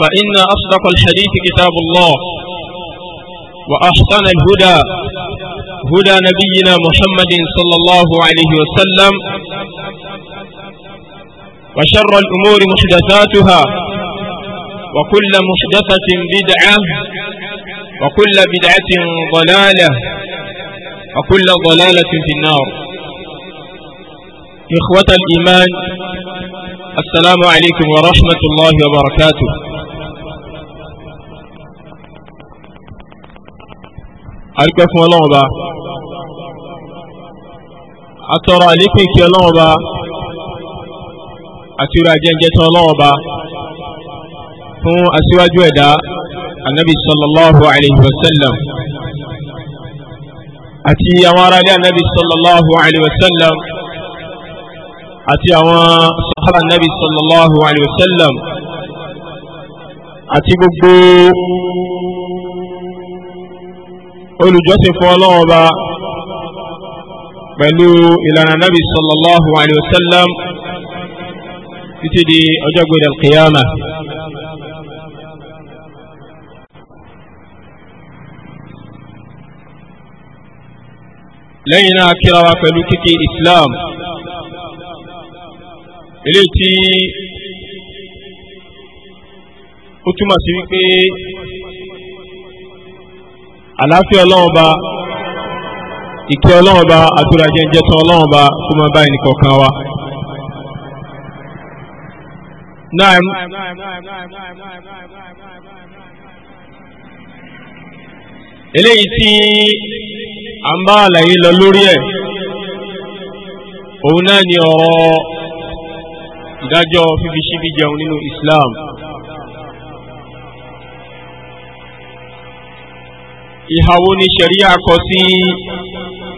فإن أصدق الحديث كتاب الله وأحسن الهدى هدى نبينا محمد صلى الله عليه وسلم وشر الأمور محدثاتها وكل محدثة بدعة وكل بدعة ضلالة وكل ضلالة في النار إخوة الإيمان السلام عليكم ورحمة الله وبركاته أركف ملعبا أترى لكي كلعبا أترى جنجة ملعبا هو أسواج ودا النبي صلى الله عليه وسلم أتي يا النبي صلى الله عليه وسلم àti àwọn sahaba nabi sallallahu alayhi wa àti gbogbo olùjọ́sìn fún ọlọ́run bá pẹ̀lú ìlànà nabi sallallahu alayhi wa sallam títí di ọjọ́ gbẹ̀dẹ̀ kìyàmà. lẹ́yìn náà kíra wa pẹ̀lú kíkí islam. eléyìí tí ó túmọ̀ sí wípé àlàáfíà ọlọ́run ba ìkẹ́ ọlọ́run ba àtúrajẹ ń jẹ́tọ́ bá ẹnì wa. eléyìí tí à ń bá lọ lórí ẹ̀ òun náà ni ìdájọ́ fífi ṣíbí jẹun nínú Islam ìhàwó ni ṣẹ̀ríà kọ sí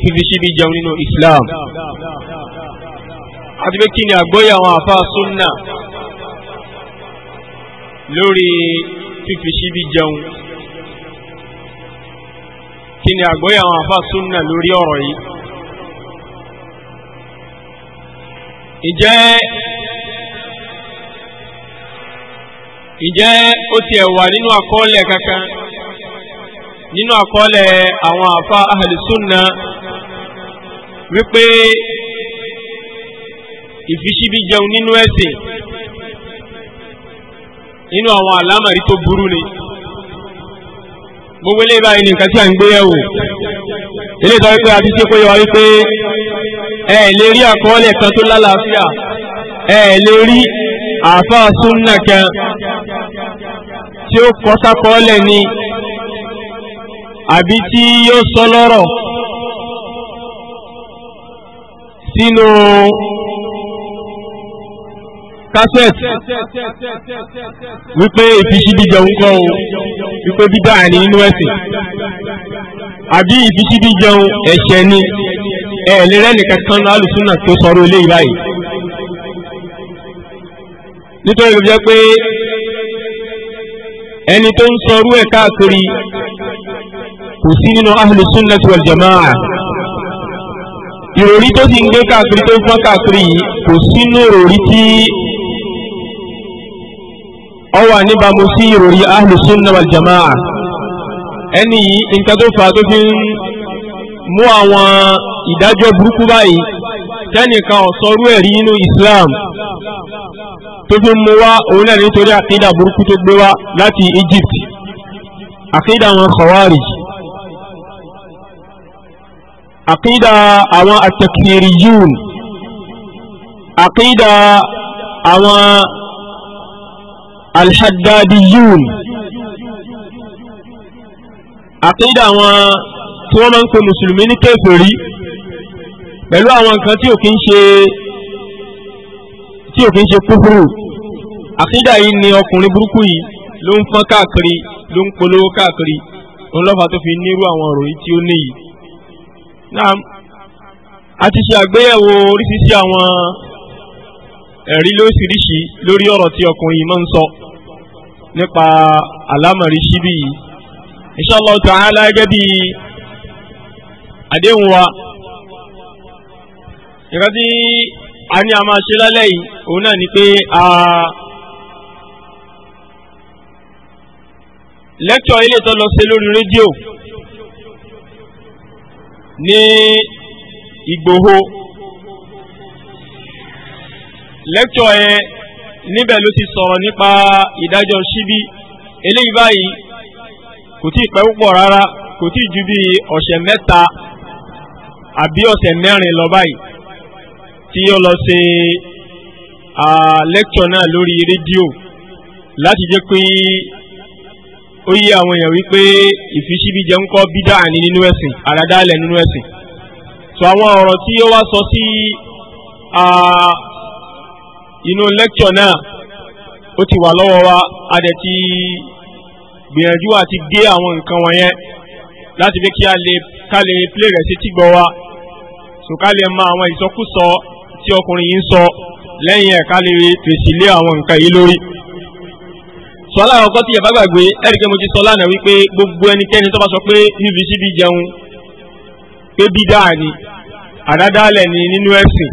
fífi ṣíbí jẹun nínú Islam àti pé kí ni àgbọ́yé àwọn àfáà súnnà lórí fífi ṣíbí jẹun kí ni àgbọ́yé àwọn àfáà súnnà lórí ọ̀rọ̀ yìí ǹjẹ́ ǹjẹ́ ó tiẹ̀ wà nínú àkọọ́lẹ̀ kankan nínú àkọọ́lẹ̀ àwọn àfa ahàlùsùnà wípé ìfiṣíbí jẹun nínú ẹ̀sìn nínú àwọn àlámàrí tó burú ni gbogbo ilé báyìí nǹkan tí a ń gbé yẹ̀wò ilé ìtọ́ wípé àti ṣe pé wípé lè rí àkọọ́lẹ̀ kan tó lálàáfíà ẹ lè àfa súnà kan tí ó kọ́sákọ́ọ́lẹ̀ ni àbí tí yóò sọ lọ́rọ̀ sínú kásẹ̀tì wípé ìfiṣíbi jẹun kọ́ o wípé bídà ní inú ẹ̀sìn àbí ìfiṣíbi jẹun ẹ̀ṣẹ̀ ni ẹ̀ẹ́lẹ́rẹ́ nìkan kan lálùsúnà tó sọ̀rọ̀ eléyìí báyìí nítorí kò jẹ́ pé ẹni tó ń sọrú ẹ̀ káàkiri kò sí nínú ahlu sunnah wal jama'a ìròrí tó ti ń gbé káàkiri tó ń fọ́n káàkiri yìí kò sínú ìròrí tí ó wà níbàámu sí ìròrí ahlu sunnah wal ẹni yìí nǹkan tó fà á tó fi ń mú àwọn ìdájọ́ burúkú báyìí tẹ́nìkan ọ̀sọ́rú ẹ̀rí nínú Islam tó fi mú wá òun náà nítorí àkídà burúkú tó gbé wá láti Egypt àkídà àwọn khawarij àkídà àwọn atakfiriyun àkídà àwọn alhaddadiyun àkídà àwọn tí wọ́n máa ń pe mùsùlùmí ní kèfèrí pẹ̀lú àwọn nǹkan tí ò kí ń ṣe tí òfin ṣe kúfúrú àkídà yìí ni ọkùnrin burúkú yìí ló ń fọ́n káàkiri ló ń polówó káàkiri òun lọ́fà tó fi nírú àwọn ìròyìn tí ó níyì. a ti ṣe àgbéyẹ̀wò oríṣiríṣi àwọn ẹ̀rí lóṣìíríṣìí lórí ọ̀rọ̀ tí ọkùnrin yìí máa ń sọ nípa àlámọ̀rí síbí yìí. Insha Allah Ta'ala gẹ́gẹ́ bí àdéhùn wa ani ní a máa ṣe lálẹ́ yìí òun náà ni pé a lẹ́kṣọ̀ ilé tó lọ ṣe lórí rédíò ní Ìgbòho lẹ́kṣọ̀ ẹ níbẹ̀ ló ti sọ̀rọ̀ nípa ìdájọ́ ṣíbí eléyìí báyìí kò tí ì pẹ́ púpọ̀ rárá kò tí ì ju bí ọ̀sẹ̀ mẹ́ta àbí ọ̀sẹ̀ mẹ́rin lọ báyìí tí ó lọ ṣe lẹ́kṣọ̀ náà lórí rédíò láti jẹ́ pé ó yé àwọn èèyàn wípé ìfisíbi jẹ́ ń kọ́ bídà ní nínú ẹ̀sìn àràdálẹ̀ nínú ẹ̀sìn so àwọn ọ̀rọ̀ tí ó wá sọ sí inú lẹ́kṣọ̀ náà ó ti wà lọ́wọ́ wa a dẹ̀ ti gbìyànjú àti gé àwọn nǹkan wọ̀nyẹn láti fi kí a lè ká lè plé rẹ̀ sí tìgbọ̀ wa so ká lè mọ àwọn ìsọkúsọ tí ọkùnrin yìí ń sọ lẹ́yìn ẹ̀ka lè fèsì lé àwọn nǹkan yìí lórí. sọlá àkọ́kọ́ tí yàrá gbàgbé ẹ̀rí pé mo ti sọ lánàá wípé gbogbo ẹnikẹ́ni tó bá sọ pé níbi síbi jẹun pé bídáà ni àdádálẹ̀ ni nínú ẹ̀sìn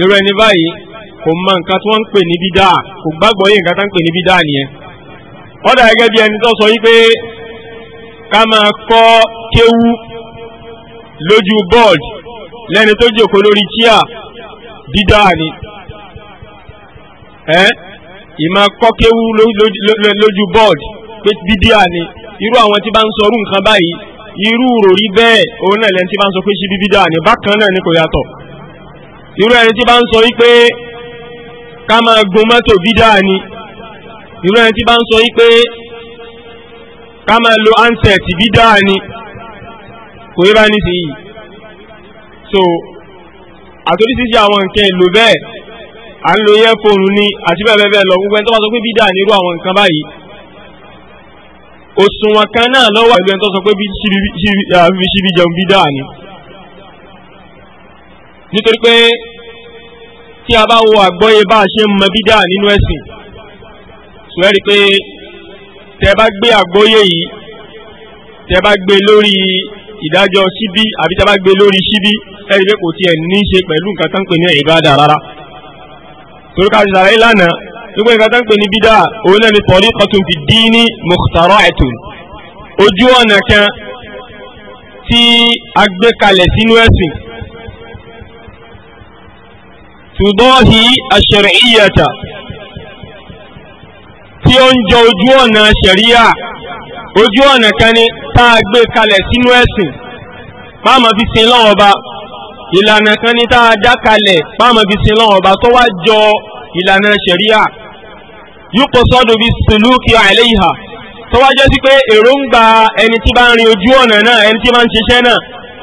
irú ẹni báyìí kò mọ nǹkan tí wọ́n ń pè ní bídáà kò gbàgbọ́ yé nǹkan tó ń pè ní bídáà nìyẹn. wọ́n gẹ́gẹ́ bí ẹni tó sọ wípé ká máa kọ́ kéwú lójú bọ́ọ̀dù lẹ́ni tó jòkó lórí tíà dídá ni ẹ ìmọ̀ kọ́kéwú lójú bọ́ọ̀dì pé dídá ni irú àwọn tí bá ń sọ irú nǹkan báyìí irú ròrí bẹ́ẹ̀ òun náà lẹ́ni tí bá ń sọ pé ṣíbí dídá ni bákan náà ni kò yàtọ̀ irú ẹni tí bá ń sọ wípé ká máa gun mọ́tò dídá ni irú ẹni tí bá ń sọ wípé ká máa lo ansẹ̀tì dídá ni kò yẹ bá ní sí yìí so àtòrísísí àwọn nǹkan èlò bẹ́ẹ̀ à ń lo earphone ni àti bẹ́ẹ̀ bẹ́ẹ̀ lọ gbogbo ẹni tó bá sọ pé bídà nírú àwọn nǹkan báyìí òṣùwọ̀n kan náà lọ́wọ́ ìlú tó sọ pé ṣíbi jẹun bídà ni nítorí pé tí a bá wo àgbọ́yé bá a ṣe ń mọ bídà nínú ẹ̀sìn sùwẹ́rì pé tẹ bá gbé àgbọ́yé yìí tẹ bá gbé lórí ìdájọ́ síbí àbí tá a bá gbé lórí síbí ẹni pé kò tiẹ̀ ní í ṣe pẹ̀lú nǹkan tó ń pè ní ìbádà rárá. torí ká ṣe ṣàlàyé lánàá wípé nǹkan tó ń pè ní bídà òun náà ni tariqatun fi dini mukhtara'atun ojú ọ̀nà kan tí a gbé kalẹ̀ sínú ẹ̀sìn tudahi ash-shar'iyyata tí ó ń jọ ojú ọ̀nà ṣẹ̀ríyà ojú ọ̀nà kan ni tá a gbé kalẹ̀ sínú ẹ̀sìn máàmọ́ fi sin lọ́wọ́ ọba ìlànà kan ni tá a dá kalẹ̀ máàmọ́ fi sin lọ́wọ́ ọba tó wá jọ ìlànà ṣẹ̀ríà yípo sọ́dọ̀ bíi sùlùkì àìlẹ́yìhà tó wá jẹ́ sí pé èròǹgbà ẹni tí bá ń rin ojú ọ̀nà náà ẹni tí bá ń ṣiṣẹ́ náà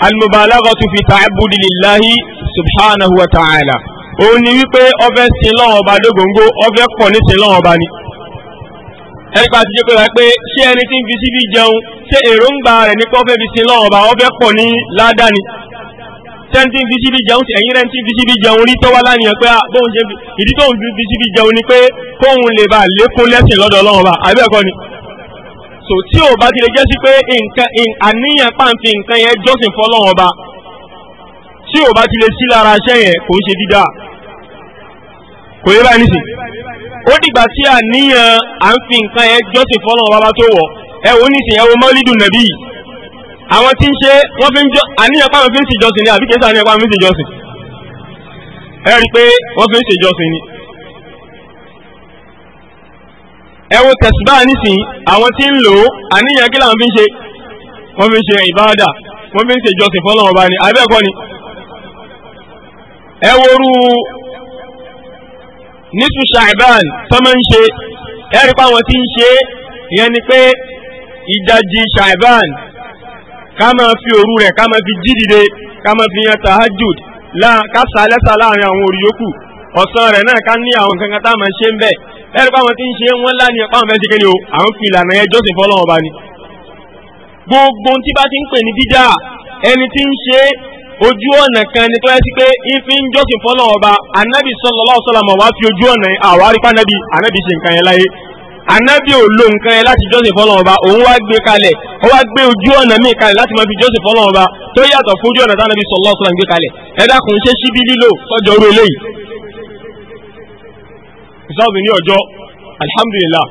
al-mubalaghatu fi ta'abbudi lillahi subhanahu wa ta'ala òun ni wípé ó fẹ́ sin lọ́wọ́ ọba dógóńgó ó fẹ́ pọ̀ ní sin lọ́wọ́ ọba ni ẹ̀ríkà ti jẹ́ pé wáyé pé ṣé ẹni tí ń fi síbi jẹun ṣé èròǹgbà rẹ̀ ní kọ́ fẹ́ fi sin lọ́wọ́ ọba ọbẹ̀ pọ̀ ní ládàáni ṣé ẹni tí ń fi síbi jẹun ṣe ẹ̀yìn rẹ̀ ti ń fi síbi jẹun rí tọ́wá lánìyàn pé ah, bóun ṣe ìdí tóun fi síbi jẹun ni pé kóun lè bá lékún lẹ́sìn lọ́dọ̀ ọlọ́wọ́ ọba ni so tí ò bá ti lè jẹ́ sí pé nǹkan àníyàn pàǹfì nǹkan yẹn jọ́sìn fọlọ́wọ́n ọba tí ò bá ti lè sí lára aṣẹ́ yẹn kò ń ṣe dídá ó dìgbà tí àníyàn à ń fi nǹkan yẹn jọ́sìn fọ́lọ́run bàbá tó wọ̀ ẹ wò nísìnyẹn wo mọ́lídùn nàbí àwọn tí ń ṣe wọ́n fi ń jọ àníyàn pàmò fi ń ṣèjọsìn ni àbí kìí sàníyàn pàmò fi ń ṣèjọsìn ẹ rí i pé wọ́n fi ń ṣèjọsìn ni. ẹ wo tẹ̀síbá nísìnyí àwọn tí ń lò ó àníyàn kí làwọn fi ń ṣe wọ́n fi ń ṣe ìbáradà wọ́n fi ń ṣèjọsìn fọ́lọ́run bá ni àbẹ́ẹ̀kọ́ ni. ẹ wo orú nísù ṣàìbán tó máa ń ṣe ẹ̀rí pa àwọn tí ń ṣe ìyẹn ni pé ìdajì ṣàìbán ká máa fi òru rẹ̀ ká máa fi jí dìde ká máa fi yan tahajud ká sàlẹ́sà láàrin àwọn òru ọ̀sán rẹ̀ náà ká ní àwọn nǹkan tá a máa ṣe ń bẹ̀ ẹ̀rí pa tí ń ṣe wọ́n lá ní fẹ́ ṣe kéde o àwọn fi ìlànà yẹn jọ́sìn fọ́lọ́wọ́n bá ni. gbogbo tí bá ti ń pè ní dídá ẹni tí ń ṣe ojú ọ̀nà kan ni tó yẹ sí pé ifi ń jọ́sìn fọ́lọ́ ọba anabi sallallahu alaihi wasallam wá fi ojú ọ̀nà àwárí pànàbí anabi ṣe nǹkan yẹn láyé anabi ò lo nǹkan yẹn láti jọ́sìn fọ́lọ́ ọba òun wá gbé kalẹ̀ ó wá gbé ojú ọ̀nà míì kalẹ̀ láti máa fi jọ́sìn fọ́lọ́ ọba tó yàtọ̀ fojú ọ̀nà tánàbí sallallahu alaihi wasallam gbé kalẹ̀ ẹ dákun ṣé síbí lílo sọ́jọ́ alhamdulillah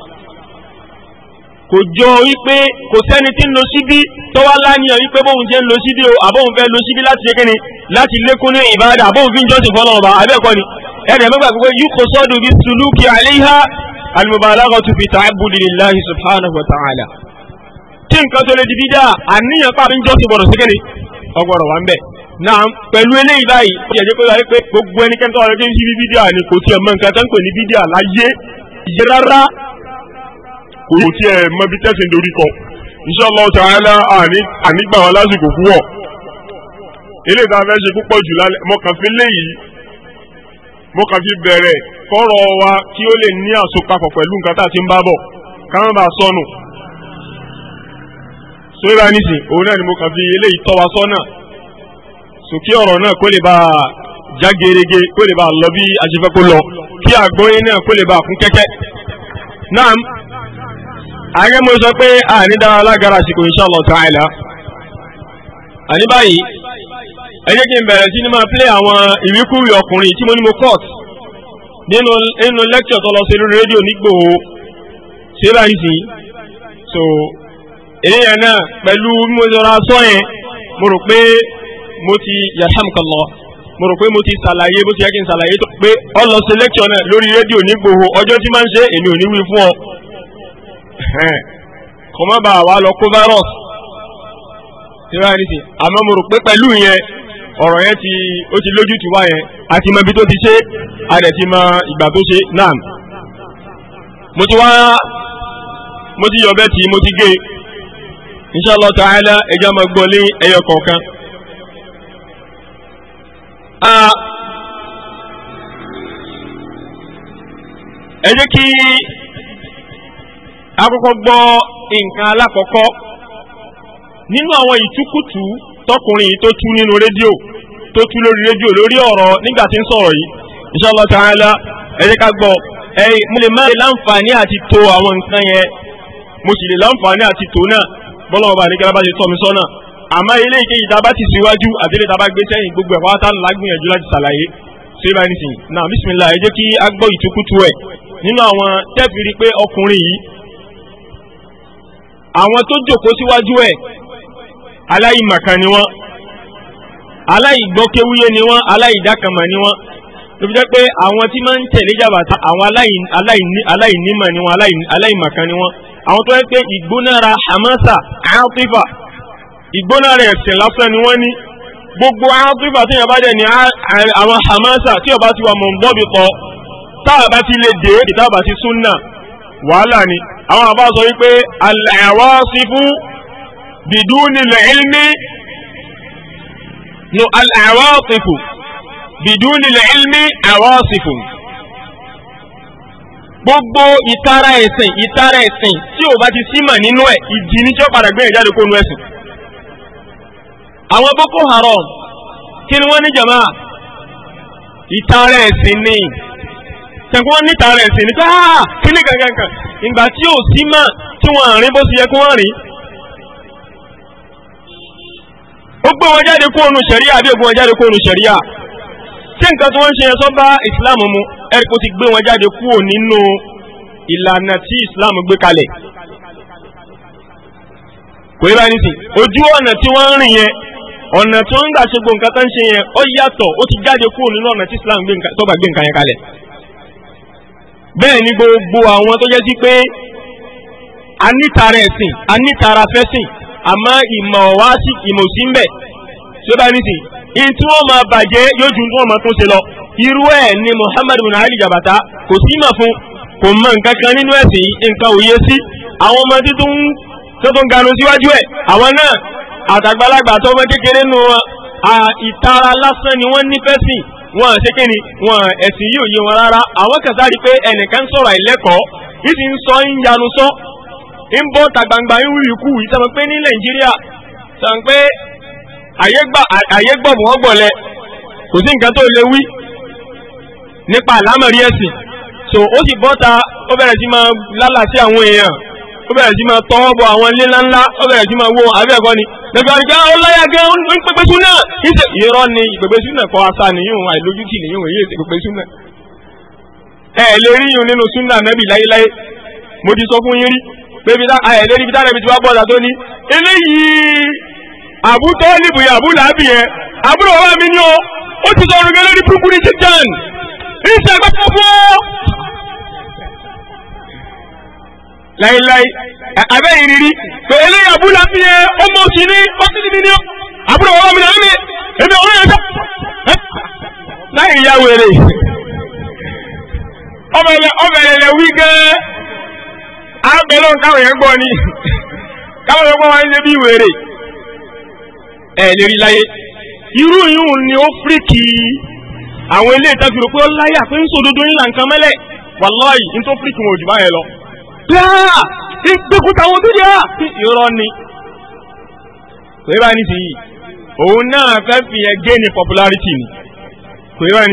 kò jọ wípé kò sẹ́ni tí ń lo síbí tó wá láníyàn wípé bóun jẹ́ ń lo síbí o àbóun fẹ́ lo síbí láti ṣe kíni láti lékún ní ìbáradà àbóun fi ń jọ́sìn fọ́nà ọba abẹ́ẹ̀kọ́ ni ẹ̀rẹ̀ mẹ́gbà pé yìí kò sọ́dọ̀ bí sùlùkì àléhà al-mubalaghatu fi ta'abbudi lillahi subhanahu wa ta'ala. kí nǹkan tó lè di bídà àníyàn pàbí ń jọ́sìn bọ̀rọ̀ sí kíni ọgbọ̀rọ̀ wa ń bẹ̀ náà pẹ̀lú eléyìí báyìí ó ni kò tiẹ̀ mọ nǹkan kò yóò tiẹ̀ mọbi tẹ̀sí dorí kọ insha Allah ta'ala ànígbà wa lásìkò púpọ̀ ilé ìta fẹ́ ṣe púpọ̀ jù lálẹ́ mo kàn fi léyìí mo kàn fi bẹ̀rẹ̀ kọ́rọ̀ wa kí ó lè ní àsopapọ̀ pẹ̀lú nǹkan tá a ti ń bá bọ̀ káwọn bá sọnù sórí àníṣe òun náà ni mo kàn fi eléyìí tọ́ wa sọ́nà sòkè ọ̀rọ̀ náà kó lè bá a já gerege kó lè bá a lọ bí aṣefẹ́ kó lọ kí àgbọ́yé náà kó lè bá a kún kẹ́kẹ́ náà ààrẹ mo sọ pé àní dára lágara àsìkò inshallah ta'ala àní báyìí ẹ jẹ́ kí n bẹ̀rẹ̀ sí ní máa play àwọn ìwíkúrì ọkùnrin tí mo ní mo court nínú nínú lecture tó lọ sí lórí rédíò nígbò síra ìsìn so èèyàn náà pẹ̀lú mo rọra sọ yẹn mo rò pé mo ti yarhamukallah mo rò pé mo ti ṣàlàyé bó ti yẹ kí n ṣàlàyé tó pé ọ lọ sí lecture náà lórí rédíò nígbò ọjọ́ tí máa ń ṣe èmi ò ní wí fún ọ. kò má bàa wá lọ kó virus tí wọ́n ní sí àmọ́ mo rò pé yẹn yẹn ti ó ti lójú ti wá yẹn a ti tó ti ṣe a dẹ̀ ti mọ ìgbà tó ṣe náà mo ti wá mo ti yọ mo ti gé e. Insha Allah ẹja máa gbọ́ lé ẹyọ kọ̀ọ̀kan. Ah. ẹ kí. akọ́kọ́ gbọ́ nǹkan alákọ̀ọ́kọ́ nínú àwọn ìtúkùtù tọkùnrin yìí tó tú nínú rédíò tó tú lórí rédíò lórí ọ̀rọ̀ nígbà tí ń sọ̀rọ̀ yìí inshallah ta'ala ẹ jẹ́ ká gbọ́ ẹ mo lè má lè láǹfààní àti tó àwọn nǹkan yẹn mo sì lè láǹfààní àti tó náà bọ́lá ọba àdékẹ́lá bá ṣe tọ́ mi sọ́nà àmọ́ ilé ìké yìí dábàá ti síwájú àti ilé dábàá gbé sẹ́yìn gbogbo ẹ̀fọ́ ata ńlá gbìyànjú láti ṣàlàyé ṣé báyìí nìsín náà bísímilà ẹ jẹ́ kí a gbọ́ ìtúkùtù ẹ̀ nínú àwọn tẹ́ẹ̀fì rí pé ọkùnrin yìí àwọn tó jòkó síwájú ẹ̀ aláìmọ̀kan ni wọ́n aláìgbọ́kéwúyé ni wọ́n aláìdákàmà ni wọ́n tó fi jẹ́ pé àwọn tí máa ń tẹ̀lé jàbàtà àwọn aláìnímọ̀ ni wọ́n aláìmọ̀kan ni wọ́n àwọn tó yẹ pé ìgbónára hamasa atifa ìgbónára ẹ̀sìn lásán ni wọ́n ní gbogbo atifa tí yẹn bá dẹ̀ ní àwọn hamasa tí yẹn bá ti wà mọ̀ ń bọ́ bí kọ́ táà bá ti lè dé ìtàbà ti súnà wàhálà ni àwọn àbá sọ wípé al-awasifu biduni al-ilmi nu al-awasifu biduni al-ilmi awasifu gbogbo ìtara ẹ̀sìn ìtara ẹ̀sìn tí ò bá ti símọ̀ nínú ẹ̀ ìjì ní tí ó padà gbé ìjáde kó nu ẹ̀sìn àwọn Boko Haram kí ni wọ́n ní jàmáà ìtara ẹ̀sìn ni tẹ̀kọ́ wọn níta rẹ̀ sí ni tó háà ah, kíní kankankan ìgbà tí ò sí mà tí wọ́n rìn bó ti yẹ kí wọ́n rìn. ó gbé wọn jáde kó onu sẹ̀ríà àbí ògbé wọn jáde kó onu sẹ̀ríà tí nǹkan tí wọ́n ń ṣe yẹn sọ bá ìsìláàmù mu ẹ̀rí ti gbé wọn jáde kúrò nínú ìlànà tí ìsìláàmù gbé kalẹ̀ kò yẹ báyìí nísìn ojú ọ̀nà tí wọ́n ń rìn yẹn ọ̀nà tí wọ́n ń gbà ṣe gbòǹkà tó ṣe yẹn ó yàtọ̀ ó ti jáde kúrò nínú ọ̀nà tí islam tó gbé nǹkan yẹn kalẹ̀ bẹ́ẹ̀ ni gbogbo àwọn tó jẹ́ sí pé anítara ẹ̀sìn anítara fẹ́sìn àmọ́ ìmọ̀ wá sí ìmọ̀ sí ń bẹ̀ tí ó bá ní sí in tí wọ́n máa bàjẹ́ yóò ju tí wọ́n ṣe lọ irú ẹ̀ ni Muhammad bin Ali Jabata kò sí mọ̀ fún kò mọ nǹkan kan nínú ẹ̀sìn nǹkan òye sí àwọn ọmọ tó tún tó tún ganu síwájú ẹ̀ àwọn náà àtàgbàlagbà tó ọmọ kékeré nù wọn ìtara lásán ni wọ́n nífẹ̀ẹ́ sìn wọn ṣe kí ni wọn ẹ̀sìn yìí ò yé wọn rárá àwọn kan sáré pé ẹnìkan sọ̀rọ̀ àìlẹ́kọ̀ọ́ yìí ti ń sọ ń yanu sọ ń bọ́ ta gbangba ń wí ikú yìí sọ pé ní Nàìjíríà sọ pé àyè gbọ̀bù wọn gbọ̀lẹ̀ kò sí nǹkan tó lè wí nípa àlámọ̀rí ẹ̀sìn so ó sì bọ́ ta ó bẹ̀rẹ̀ sí máa lálàá sí àwọn èèyàn ó bẹ̀rẹ̀ sí máa tọwọ́ bọ àwọn ilé ńláńlá ó bẹ̀rẹ̀ sí máa wó àbí ẹ̀kọ́ ni lẹ́gbẹ̀ẹ́ àti gbẹ́rẹ́ ọláyà gan ń pẹpẹ súnà ìṣe irọ́ ni ìpẹpẹ súnà kọ́ asa nìyún àìlójútì nìyún èyí ètò ìpẹpẹ súnà. ẹ ẹ lè rí yun nínú súnà nẹ́bì láyéláyé mo ti sọ fún yín rí pé bí ẹ lè rí bí tánàbí ti wá bọ́ọ̀dà tó ní eléyìí àbútọ́ níbù láíláí abẹ́ ìrírí pé eléyà abúlé mi yẹ ọmọ òsì ní ọtí mi ní àbúrò ọwọ́ mi náà mi ebe ọ̀rọ̀ yẹn tẹ́ láì ìyá wèrè ọmọ ẹ̀lẹ̀ wí gẹ́ àgbẹ̀lọ́n káwọn yẹn gbọ́ ni káwọn yẹn gbọ́ wọn ṣe bí wèrè ẹ̀ lérí láyé irú yìí ni ó fíríkì àwọn ilé ìtajà rò pé ó ńlá nǹkan mẹ́lẹ̀ wàláyì ní tó fíríkì wọn ò dáa ìgbẹ́kúta àwọn tó dáa irọ́ ni kò yẹ bá ní sìn yìí òun fi ẹ gé popularity ni kò bá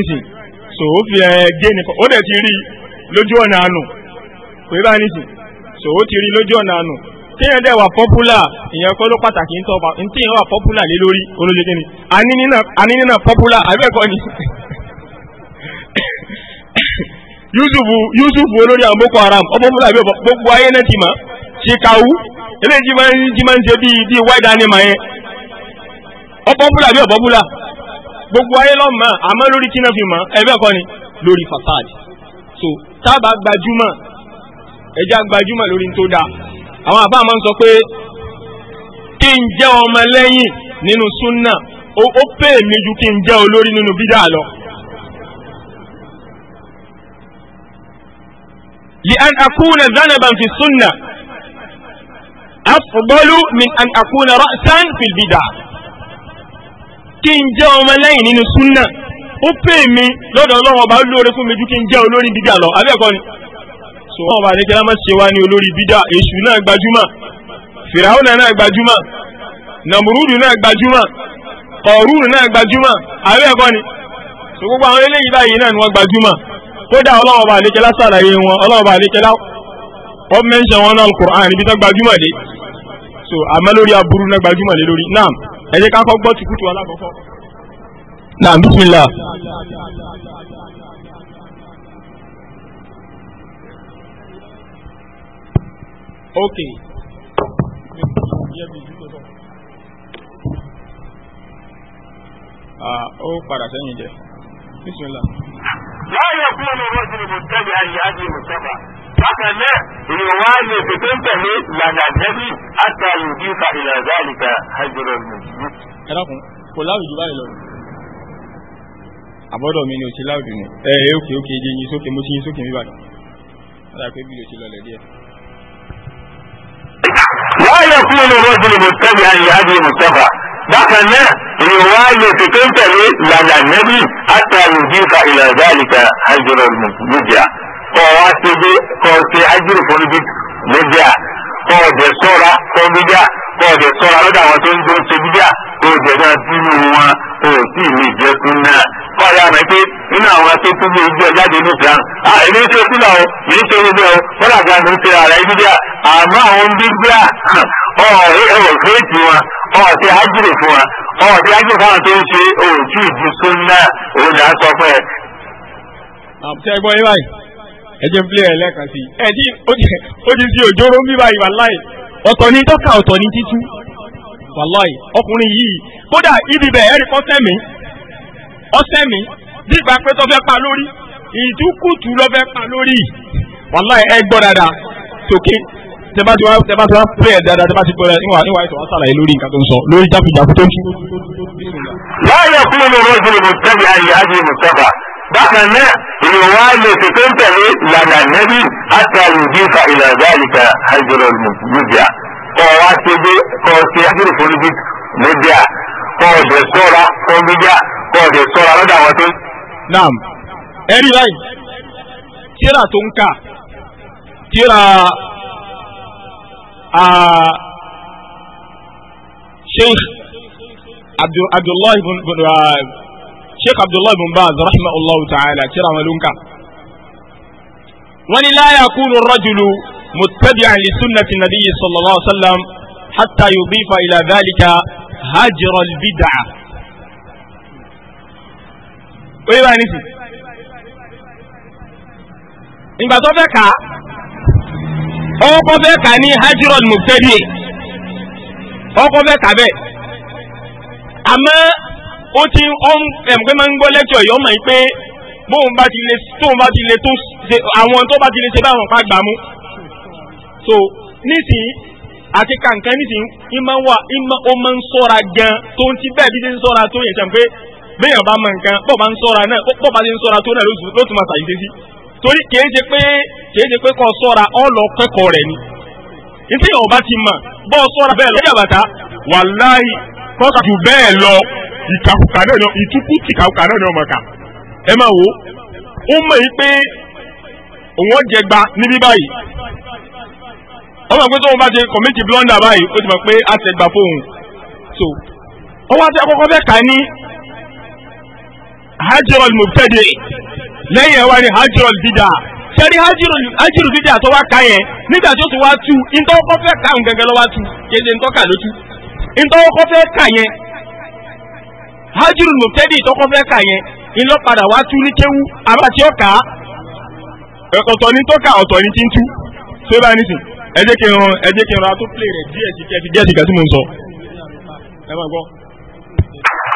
so ó fi ẹ gé ní ó dẹ̀ ti rí lójú ọ̀nà àánú kò bá so ó ti rí lójú ọ̀nà àánú téèyàn dẹ̀ wà popular ìyẹn kọ́ ló pàtàkì ntí yẹn wà popular lé lórí olóyè kí ni nina popular àbẹ́ẹ̀kọ́ ni. yusuf yusuf olórí àwọn boko haram ọmọ fúlàbí ọbọ gbogbo ayé náà ti mọ ṣe kawu eléyìí ti máa ń ti máa ń ṣe bíi bíi wáìdá ni mà yẹn ọbọ fúlàbí ọbọ fúlà gbogbo ayé lọ mọ àmọ́ lórí kí náà fi mọ ẹgbẹ kọ ni lórí fasad so tábà gbajúmọ̀ ẹjá gbajúmọ̀ lórí tó dáa àwọn àbá máa ń sọ pé kí n jẹ́ ọmọ lẹ́yìn nínú súnà ó pè mí ju kí n jẹ́ olórí nínú bídà lọ. لأن أكون ذنبا في السنة أفضل من أن أكون رأسا في البدع kí n jẹ́ ọmọ lẹ́yìn nínú súnà ó pè mí lọ́dọ̀ ọlọ́run ọba lóore fún mi ju kí n jẹ́ olórí bídà lọ abẹ́ẹ̀kọ́ ni ṣùgbọ́n ọba àdékẹ́lá má ṣe wá ní olórí bídà èṣù náà gbajúmọ̀ fìràwọ́nà náà gbajúmọ̀ nàmúrúdù náà gbajúmọ̀ kọ̀ọ̀rúdù náà gbajúmọ̀ abẹ́ẹ̀kọ́ ni ṣùgbọ́n àwọn eléyìí báyìí náà ni wọ́n gbajúmọ̀ kódà ọlọ́wọ́ bá àlékẹ́ lásàlàyé wọn ọlọ́wọ́ bá àlékẹ́ lá ọ mẹ́ńṣẹ̀ wọn náà Qur'an ibi tó gbajúmọ̀ dé so àmọ́ lórí aburú náà gbajúmọ̀ lé lórí naam ẹ jẹ́ ká kọ́ gbọ́ tìkútù alákọ̀ọ́kọ́ naam bismillah. ok ah, ó padà sẹ́yìn jẹ́. لا يكون الرجل متبعا لهدي المصطفى فكان رواه بتنتهي لنا النبي حتى يضيف الى ذلك هجر المسجد. kò láwùjọ báyìí lọ àbọ̀dọ̀ mi ni ò ti láwùjọ ni ẹ ẹ òkè òkè ìdí yín sókè mo ti yín sókè mi bàdàn pé bí o ti lọlẹ̀ díẹ̀. wọ́n yẹ kúrò lọ́wọ́ ìdílé mọ̀tẹ́bí ayé adé mọ̀tẹ́bà bákan náà rìwáyò tó ń tẹ̀lé lànà nẹ́bí àtàlùdífà ìlàzálìkà àjọrò nìjà kọ́ wá sí bí kọ́ sí àjọrò fún nìjà kọ́ ọ̀dẹ̀ sọ́ra fún nìjà kọ́ ọ̀dẹ̀ sọ́ra lọ́dọ̀ àwọn tó ń gbé ṣe nìjà kọ́ ọ̀dẹ̀ náà sínú wọn kò sí ìlú ìjẹkùn náà kọ́ ọ̀dẹ̀ àmọ́ pé nínú àwọn tó tún bí ojú ẹ jáde ní ìgbà à èmi ń ṣe sílà o èmi ń ṣe gbogbo ẹ o wọn àgbà mi ń ṣe ara ẹbí díà àmọ́ àwọn bíbíà ọ̀rẹ́ ẹ̀rọ kéèjì wọn ọ̀ọ́sẹ̀ ájúlè fún wa ọ̀ọ́sẹ̀ ájúlè fún wa tó ń ṣe òòjú ìdí súnmọ́ òun là ń sọ fún ẹ. àbùtẹ́ ẹgbọ́n yín báyìí ẹjẹ ń pilẹ̀ lẹ́ẹ̀kan sí i ó ti di òjòrò ń bí báyìí wàláì ọ̀tọ̀ ni tọ́ka ọ̀tọ̀ ni títú wàláì ọkùnrin yìí kódà ibi bẹ̀ ẹ̀rí kọ́ sẹ́mi ọ́ sẹ́mi bí ìgbà pé tó fẹ́ pa lórí ìdúkùtù ló fẹ́ pa lórí wàláì ẹ gbọ́ dáadáa tòkè tẹ́bá ti wọ́n tẹ́bá ti wọ́n pè é dáadáa tẹ́bá ti gbọ́ dáadáa níwà níwà ètò wọn sàlàyé lórí nǹkan tó ń sọ lórí jákujàku tó ń kí. láyé kúrò ní rọ́ọ̀sì lè mùtẹ́bí ayé ajé mùtẹ́bà bákan náà ìwà lè fi tó ń tẹ̀lé lànà nẹ́bí àtàlù dífà ìlànà àlìkà àjọrò mùdíà kọ́ wa ṣe dé kọ́ ṣe àjọrò fún mùdíà kọ́ ọ̀dẹ̀ sọ́ra fún mùdíà kọ́ ọ̀dẹ̀ sọ́ra lọ́dọ̀ àwọn tó ń naam ẹ̀rí báyìí tíra tó ń kà tíra sheikh abdullahi bin sheikh abdullahi bin baaz rahimahullahu ta'ala tíra wọn ló ń kà wọ́n ní la yakunu ar-rajulu muttabi'an li sunnati nabiyyi sallallahu alaihi wasallam hatta yudifa ila dhalika hajra al oye báyìí nìsí ìgbà tó fẹ́ kà á ọkọ fẹ́ kà ní hajjurọ mùsẹ̀dì ọkọ fẹ́ kà bẹ́ẹ̀ àmọ́ ó ti ẹ̀mùgbé máa ń gbọ́ lẹ́kọ̀ọ́ yọ mọ̀ pé bóun bá ti lè tóun bá ti lè tó àwọn tó bá ti lè ṣe báwọn pa gbàmú so nísìnyí àti kàǹkà nísìnyí ìmọ̀ wà ìmọ̀ ó máa ń sọ́ra gan tó ń ti bẹ́ẹ̀ bí ṣe ń sọ́ra tó yẹ sẹ́n pé bẹ́ẹ̀ bá mọ nǹkan pọ̀ bá ń sọ́ra náà pọ̀ bá ti ń sọ́ra tó náà ló tún máa ṣàyíṣe sí torí kìí ṣe pé ṣe ni ìtí ti mọ̀ bọ́ sọ́ra bẹ́ẹ̀ lọ lẹ́yìn abata wàláhì kọ́ka jù bẹ́ẹ̀ lọ ìkàkùkà náà ni ìtukú tìkàkùkà náà ni ọmọ ẹ máa wò ó mọ̀ yìí pé òun jẹ gba níbí báyìí ọmọ pé bá ṣe kọ̀mẹ́tì blọ́ndà báyìí ó ti mọ̀ pé gbà fóun ọwọ́ àti akọ́kọ́ hajjurul mubtadi lẹ́yìn ẹ̀wá ni hajjurul bidà sẹ́ni hajjurul bidà tó wá ká yẹn nígbà tó ti wá tú ìtọ́wọ́kọ́ fẹ́ ká òun gẹ́gẹ́ lọ́wọ́ tú kéde fẹ́ yẹn fẹ́ yẹn wá ní kéwú ọ̀ka ọ̀tọ̀ ní tọ́ka ọ̀tọ̀ ní tìǹtù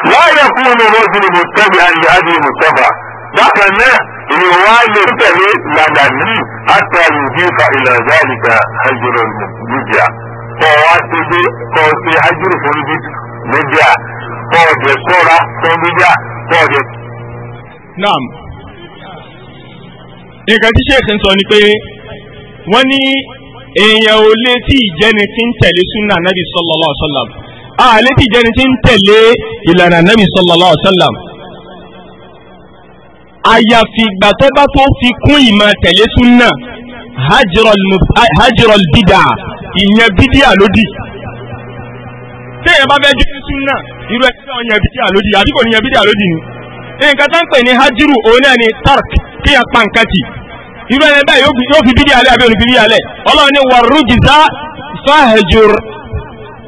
la yakunu rajulu muttabi'an li hadi Mustafa bákan náà ìwà lè tẹ̀lé lànà ní àtàlùjífà ìlàjálìkà àjùrò nìjíà kọ́ wá ti dé kọ́ sí àjùrò fún nìjíà kọ́ ọ̀dẹ̀ sọ́ra fún nìjíà kọ́ ọ̀dẹ̀. naam nǹkan tí sheikh ń sọ ni pé wọ́n ní èèyàn ò lè tí ì jẹ́ni tí ń tẹ̀lé súnà nábì sallallahu alaihi wasallam àlè tí ìjẹni ti ń tẹ̀lé ìlànà nabi sallallahu alaihi wasallam àyàfi ìgbà tó bá tó fi kún ìmọ̀ tẹ̀lé súnà hajjirol bídà ìyẹn bídíà lódì téèyàn bá fẹ́ jẹ́ súnà irú ẹni náà yẹn bídíà lódì àbí kò ní nǹkan tó pè ní hajjiru òun náà ni tark kéèyàn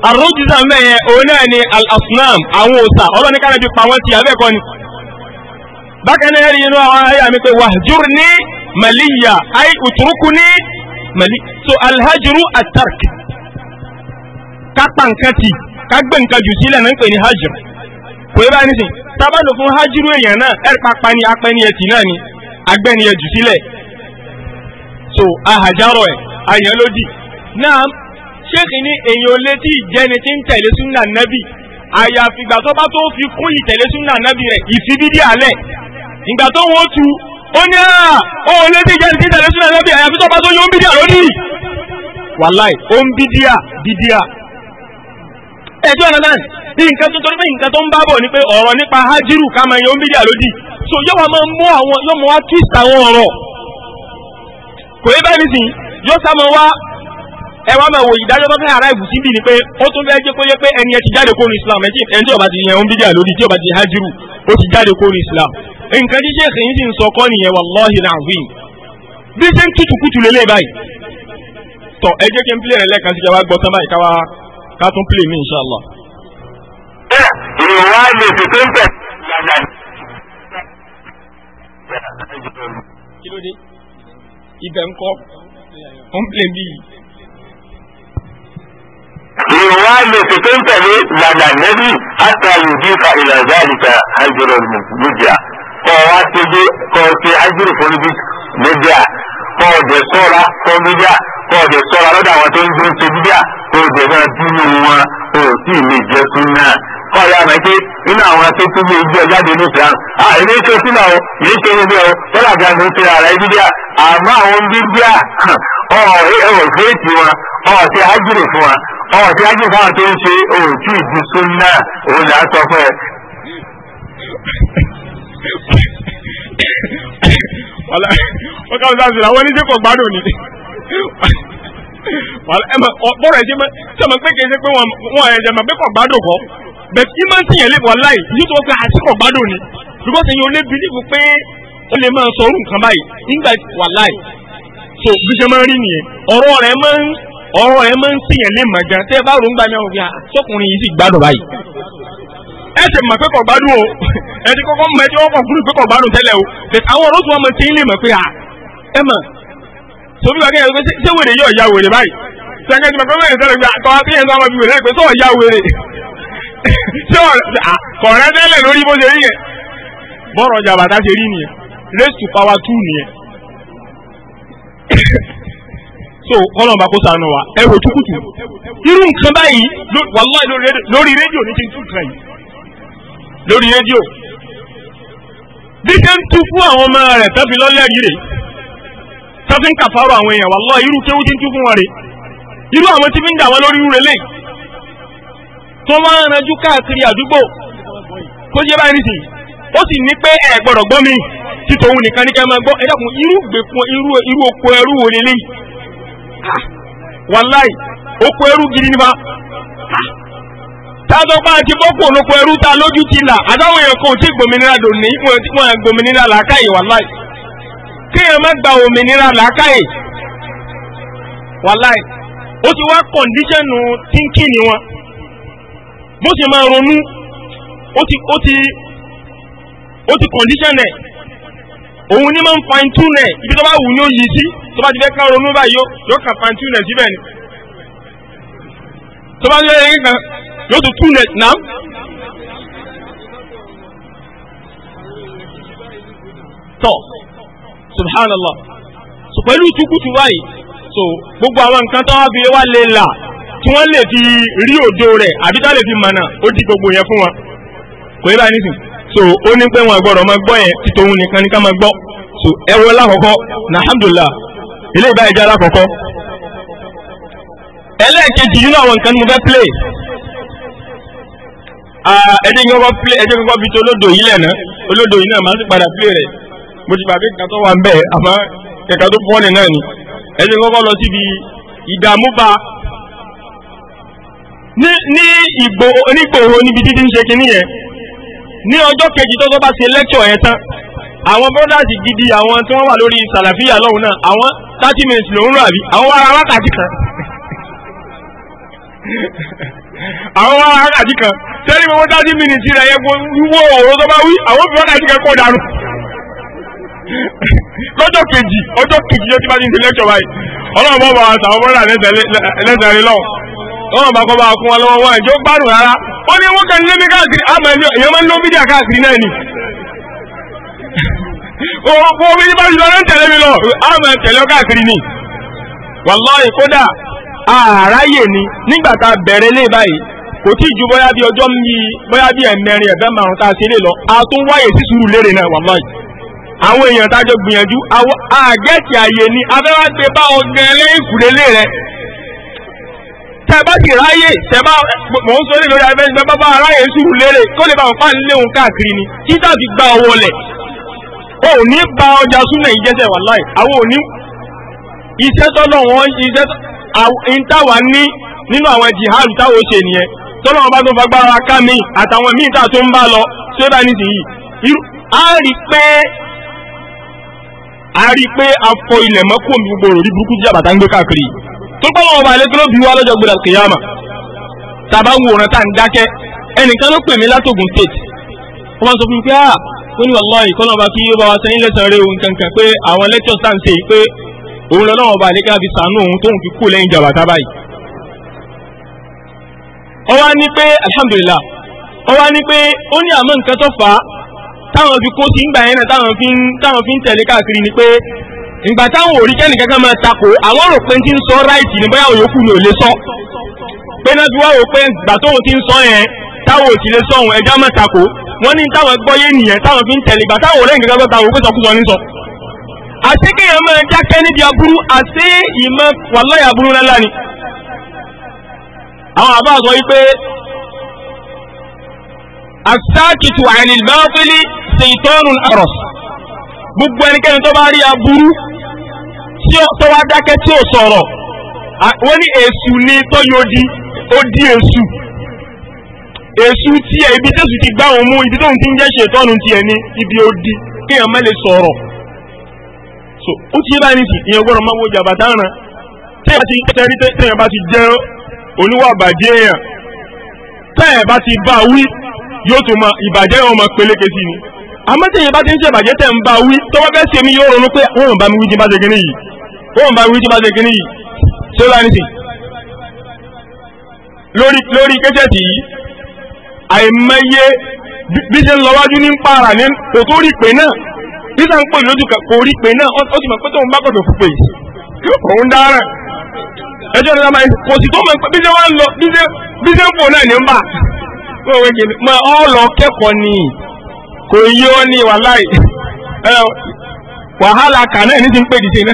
àrùjìzà ń bẹ̀ yẹn òun náà ni al-asnam àwọn òòṣà ọlọ́ni ká nàbí pa wọ́n ti abẹ́ẹ̀kọ́ bákan náà rí inú àwọn ayé àmì pé wàhjúr ní màlíyà ay ùtùrúkú ní màlí so alhajuru atark ká pa nǹkan tì ká gbé nǹkan jù sílẹ̀ náà ń pè ní hajr kò yẹ báyìí nísìn tábàlò fún hajuru èèyàn náà ẹ̀rí pápá ni apẹ́ni ẹtì náà ni agbẹ́ni ẹ jù sílẹ̀ so ahajarọ̀ ẹ̀ àyàn náà ṣéèkì ní èyàn ò lé tí ìjẹni tí ń tẹ̀lé súnà nábì àyàfi ìgbà tó bá tó fi kún ìtẹ̀lé súnà nábì rẹ̀ ìfibídí alẹ̀ ìgbà tó wọ́n tu ó ní à ah, ó tí ìjẹni ń tẹ̀lé súnà àyàfi tó bá tó yóò ń lónìí wàláì ó ń nana ní nǹkan tó torí pé nǹkan tó ń bá bọ̀ ni pé ọ̀rọ̀ nípa hajiru kama yóò ń so yóò wá máa mú àwọn yóò ẹ wá máa wo ìdájọ́ tó fẹ́ aráàlú síbi ni pé ó tún fẹ́ jẹ́ kó yẹ pé ẹni ẹ ti jáde kóòrùn islam ẹ ti ẹni tí ó bá ti yẹn ń bíjà lórí tí ó bá ti hajiru ó ti jáde kóòrùn islam nǹkan jíjẹ́ sì ń sì ń sọ kọ́ nìyẹn wàláhì làwìn bí ṣe ń kùtùkùtù lélẹ̀ báyìí tọ ẹ jẹ́ kí n pílẹ̀ rẹ lẹ́ẹ̀kan sí ká wá gbọ́ tán báyìí káwá ká tún pílẹ̀ mí inṣàlá. bẹ́ẹ̀ ìwà lè ń bẹ̀ e lòsì tó ń tẹ̀lé lànà nẹ́bí àtàlù dífà ìlànà àlìkà àjọrò lùdíà kọ́ wa tẹ́jú kọ́ ti àjọrò fún lùdíà kọ́ ọ̀dẹ̀ sọ́ra fún lùdíà kọ́ ọ̀dẹ̀ sọ́ra lọ́dọ̀ àwọn tó ń dún nwa lùdíà kọ́ ọ̀dẹ̀ náà dínú wọn kò tí ì lè jẹ́ fún náà ọ̀ọ́ ẹ̀wọ̀ fẹ́ẹ̀tì wọn ọ̀ọ́ ti ájúrò fún wa ọ̀ọ́ ti ájúrò fún wa tó ń ṣe òòtú ìdí súnà òun là á sọ fún ẹ. ọkà ọ̀sán àti àwọn oníṣẹ́ kò gbádùn ni bọ́ọ̀rọ̀ ẹ̀jẹ̀ mọ́ sọ̀mọ́ pé kìí ṣe pé wọ́n ẹ̀jẹ̀ mọ́ pé kò gbádùn kọ́ bẹ́ẹ̀ kí máa ń tìyàn lè wà láì yóò tó pé àti kò gbádùn ni because ẹ̀yin ò lè believe pé ó lè máa sọ orú báyìí nígbà wà láì so bí ṣe máa ń rí nìyẹn ọ̀rọ̀ rẹ̀ máa ń ọ̀rọ̀ rẹ̀ máa ń sìyàn lé mọ̀ gan tẹ́ ẹ bá ròǹgbà mi àwọn òbí àtọkùnrin yìí sì gbádùn báyìí. ẹ ti mọ̀ pé kò gbádùn o ẹ ti kọ́kọ́ mọ ẹjọ́ ọkọ̀ fúru pé kò gbádùn tẹ́lẹ̀ o bẹ̀tẹ̀ àwọn ọ̀rọ̀ tí wọ́n mọ ti ń lè mọ̀ pé à ẹ mọ̀ tóbi wà kẹ́yìn ṣé wèrè yóò ya wèrè báyìí sẹ́kẹ́ ti mọ̀ pé wèrè sẹ́lẹ̀ kọ́ akéyàn sọ́mọ bí wèrè pé sọ́ọ̀ ya wèrè ṣé kọ̀ọ̀rẹ́ tẹ́lẹ̀ lórí bó ṣe rí yẹn bọ́ọ̀rọ̀ jàbàtà ṣe rí nìyẹn race to power two nìyẹn so ọlọ́run bá kó sànù wa ẹ wò tukutu irú nǹkan báyìí wàláì lórí rédíò ní kí n tún kàn yìí lórí rédíò bí ṣe ń tu fún àwọn ọmọ rẹ̀ tẹ́fi lọ́lẹ́ yìí rè tẹ́fi ń kàfàrọ̀ àwọn èèyàn wàláì irú kéwú ti ń tu fún wọn rè irú àwọn tí fi ń dà wọn lórí irú rẹ̀ lẹ́yìn tó wọ́n ń káàkiri àdúgbò kó jẹ́ báyìí nìsín ó sì ní pé ẹ gbọdọ gbọ́ mi títò òun nìkan ní máa irú irú irú oko ẹrú wo lélẹ́yìí wàláì oko ẹrú gidi nípa táàtọ́ bá ti bọ́pọ̀ olóko ẹrú ta lójú ti là àdáwọn èèyàn kan ò tí gbòmìnira dò ní wọn tí wọn gbòmìnira làákàyè wàláì kéèyàn má gba òmìnira làákàyè wàláì ó ti wá ni wọn bó ti máa ronú ó ti ó ti condition ẹ̀ òun ní máa ń fine tune ẹ̀ ibi tó bá wù ní ó yí sí tó bá ti fẹ́ ká ronú báyìí yóò kà fine tune ẹ̀ síbẹ̀ ni tó bá ti fẹ́ yẹn kan yóò tún tune ẹ̀ náà. tọ̀ subhanallah so pẹ̀lú ìtukùtù báyìí so gbogbo àwọn nǹkan tó wá fi wá lè là tí wọ́n lè fi rí òdo rẹ̀ àbí tá lè fi mọ̀nà ó di gbogbo yẹn fún wọn kò yẹ báyìí nísìnyí so ó ní pé wọn gbọ́dọ̀ máa gbọ́ yẹn títí òun nìkan ní ká máa gbọ́ so ẹ wọ lákọ̀ọ́kọ́ na alhamdulillah ilé ìbáyìí jẹ́ alákọ̀ọ́kọ́ ẹlẹ́ẹ̀kejì nínú àwọn nǹkan mo fẹ́ play ẹjẹ́ kí wọ́n play ẹjẹ́ kí wọ́n fi tó olódò yìí lẹ̀ náà olódò yìí náà máa ti padà play rẹ̀ mo ti pàdé kàtó wa ń bẹ̀ àmọ́ kẹ̀kẹ́ tó fọ́ọ̀nì náà ni ẹjẹ́ kí wọ́n lọ síbi ìdààmú ba ní ìgbòho níbi títí ń ṣe kinní yẹn ní ọjọ́ kejì tó tó bá ṣe lecture yẹn tán àwọn brothers gidi àwọn tí wọ́n wà lórí sàlàfíà lọ́hùn náà àwọn thirty minutes ló ń rà bí àwọn wà wákàtí kan àwọn wà wákàtí kan tẹ́lẹ̀ gbogbo thirty minutes rẹ̀ yẹ wúwo òwò tó bá wí àwọn fi wákàtí kan kọ́ dànù lọ́jọ́ kejì ọjọ́ kejì yóò ti bá ti ṣe lecture báyìí ọlọ́run bọ́ bá wa brothers lẹ́sẹ̀ lẹ́sẹ̀ lọ́wọ́ ọlọ́run bá kọ́ bá fún wọn lọ́wọ́ wọn ìjọ gbádùn rárá wọ́n ní wọ́n kàn ní lóbi káàkiri àmọ́ èèyàn máa ń lọ bídíà káàkiri náà ni. òwò mi ní bá ti lọ ló tẹ̀lé mi lọ àmọ́ tẹ̀lé ọ káàkiri ni. wàláhì kódà àráyè ni nígbà tá a bẹ̀rẹ̀ lé báyìí kò tí ju bóyá bí ọjọ́ mi bóyá bí ẹ̀mẹrin ẹ̀bẹ́ márùn tá a ṣe lè lọ a tún wáyè sí sùúrù lérè náà wàláhì àwọn èèyàn tá a jọ gbìyànjú àgẹ́tì àyè ni abẹ́wá gbé bá ọgàn ẹlẹ́yìn kùlélé rẹ̀ tẹ́bá sì ráyè tẹ́bá mọ̀ ń sórí lórí abẹ́ni bẹ́ẹ̀ bá ráyè sùúrù lérè kó lè bá wọn fáwọn léwu káàkiri ni títà fi gba ọwọ́ lẹ̀ o ò ní ba ọjà súnmọ́ ìjẹsẹ̀ wà láì àwọn ò ní iṣẹ́ tọ́lọ̀ wọn iṣẹ́ ìtawà ní nínú àwọn jihad táwọn ṣe nìyẹn tọ́lọ̀ wọn bá tó fagbára ká mi àtàwọn míì tá tó ń bá lọ tí ó bá ní sí a rí pé a rí pé a fọ ilẹ̀ mọ́kò mi gbogbo òrí burúkú jẹ́ àbàtà ń gbé káàkiri yìí tó wọn ọba àlékún ló wa lọ́jọ́ gbọdọ̀ kìyàmà tàbá wòran tá à ń dákẹ́ ẹnìkan ló pè mí látògùn state wọ́n máa sọ fún mi pé ah ó ní wàlláhì ìkọ́nà ọba kí ó bá wa sẹ́yìn lẹ́sàn-án rẹ̀ òun kankan pé àwọn lectures tá à ń ṣe pé òun lọ́nà ọba àlékún àfi sànú òun tóun fi kú lẹ́yìn ìjàmbá tá báyìí. ó wá ní pé alhamdulillah ó wá ní pé ó ní àmọ́ nǹkan tó fà á táwọn fi kó sí ń gbà yẹn náà táwọn fi ń tẹ̀lé káàkiri ni pé ìgbà táwọn òrí kẹ́ni kankan máa takò àwọn rò pé tí ń sọ ráìtì ní bóyá òyòkù ni ò lè sọ pé náà fi wá wò pé ìgbà tóun ti ń sọ yẹn táwọn ò sì lè sọ òun ẹja máa takò wọ́n ní táwọn gbọ́yé nìyẹn táwọn fi ń tẹ̀lé ìgbà táwọn òrẹ́ nǹkan gbọ́ta òun pé sọkúsọ ní sọ. àti kéèyàn máa dákẹ́ níbi aburú àti ìmọ̀ wàláyà aburú ńlá ni. àwọn àbá sọ wípé àsákìtù àìlèlbáfẹ́lì ṣètọ́rùn àrọ̀ gbogbo ẹnikẹ́ni tó bá rí aburú tó wá dákẹ́ tí ò sọ̀rọ̀ wọ́n ní èṣù ni tó yọdí ó di èṣù èṣù tí ẹ ibi tẹ̀sù ti gbá òun mú ibi tóun ti ń jẹ́ ṣètọ́nù tiẹ̀ ní ibi ó di kéèyàn má lè sọ̀rọ̀ so ó ti yé báyìí nìsí ìyẹn gbọ́dọ̀ máa wo jàmbá dáná téèyàn ti tẹ́rí téèyàn bá ti jẹ́ oníwà bàjẹ́ èèyàn téèyàn bá ti bá wí yóò tún ma ìbàjẹ́ wọn ma peléke sí ni àmọ́ téèyàn bá ti ń ṣèbàjẹ́ tẹ̀ ń bá wí tọ́wọ́ bẹ́ẹ̀ ṣe mi yóò ronú pé wọ́n bá mi wí di bá ṣe kíní yìí bóun bá wí tí bá ṣe kíní yìí ṣé bá nìsín lórí lórí yìí àìmọye bí ṣe ń lọ ní para ní kò tó rí pé náà bí sáà ń pè lójú kò rí pé náà ó sì mọ̀ pé bá òun dára ẹjọ́ bí ṣe wá bí ṣe ń pò náà ní ń bà ọ ní wàhálà kà náà ní ti ń pè dìde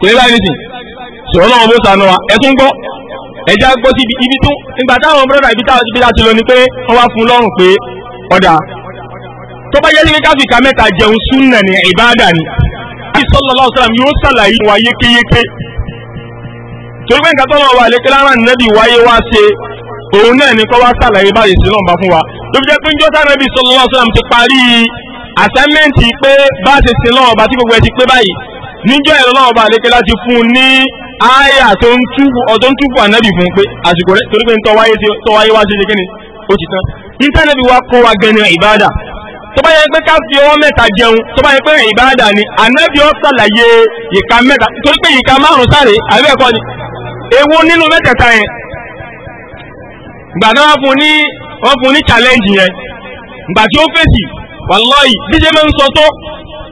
kò ní báyìí nìsín sọ̀rọ̀ náà wọ́n bó sànù wa ẹ tún gbọ́ ẹja gbọ́ sí ibi tún ìgbà táwọn brọ́dà ibi táwọn ibi láti lọ ni pé wọ́n wá fún lọ́rùn pé ọ̀dà tó bá yẹ kí káfíńkà mẹ́ta jẹun súnà ní ìbáàdà ni àti sallallahu alaihi wasallam yóò ṣàlàyé wa yékéyéké torí pé nǹkan tó lọ́wọ́ àlékè lára nẹ́bí wáyé wá ṣe òun náà ni kọ́ wá ṣàlàyé báyìí sí náà bá fún wa tó fi jẹ́ pé njọ́sá nẹ́bí sallallahu alaihi wasallam ti parí àsámẹ́ǹtì pé bá ṣe sin náà bá tí gbogbo ẹ ti pé báyìí níjọ́ ẹ̀rọ náà ọba àlékè láti fún un ní àyà tó ń túbù ànábì fún un pé àsìkò rẹ̀ torí pé ń tọ́wáyé wá kíni ó ti tán wa kó wa gan ìbáàdà tó bá yẹ pé ká fi ọwọ́ mẹ́ta jẹun tó bá yẹ pé ìbáàdà ni ànábì ó ṣàlàyé ìka mẹ́ta torí pé ìka márùn-ún sáré àbẹ́ẹ̀kọ́ ni èwo nínú mẹ́tẹ̀ẹ̀ta yẹn gbàdá fún ní fún challenge yẹn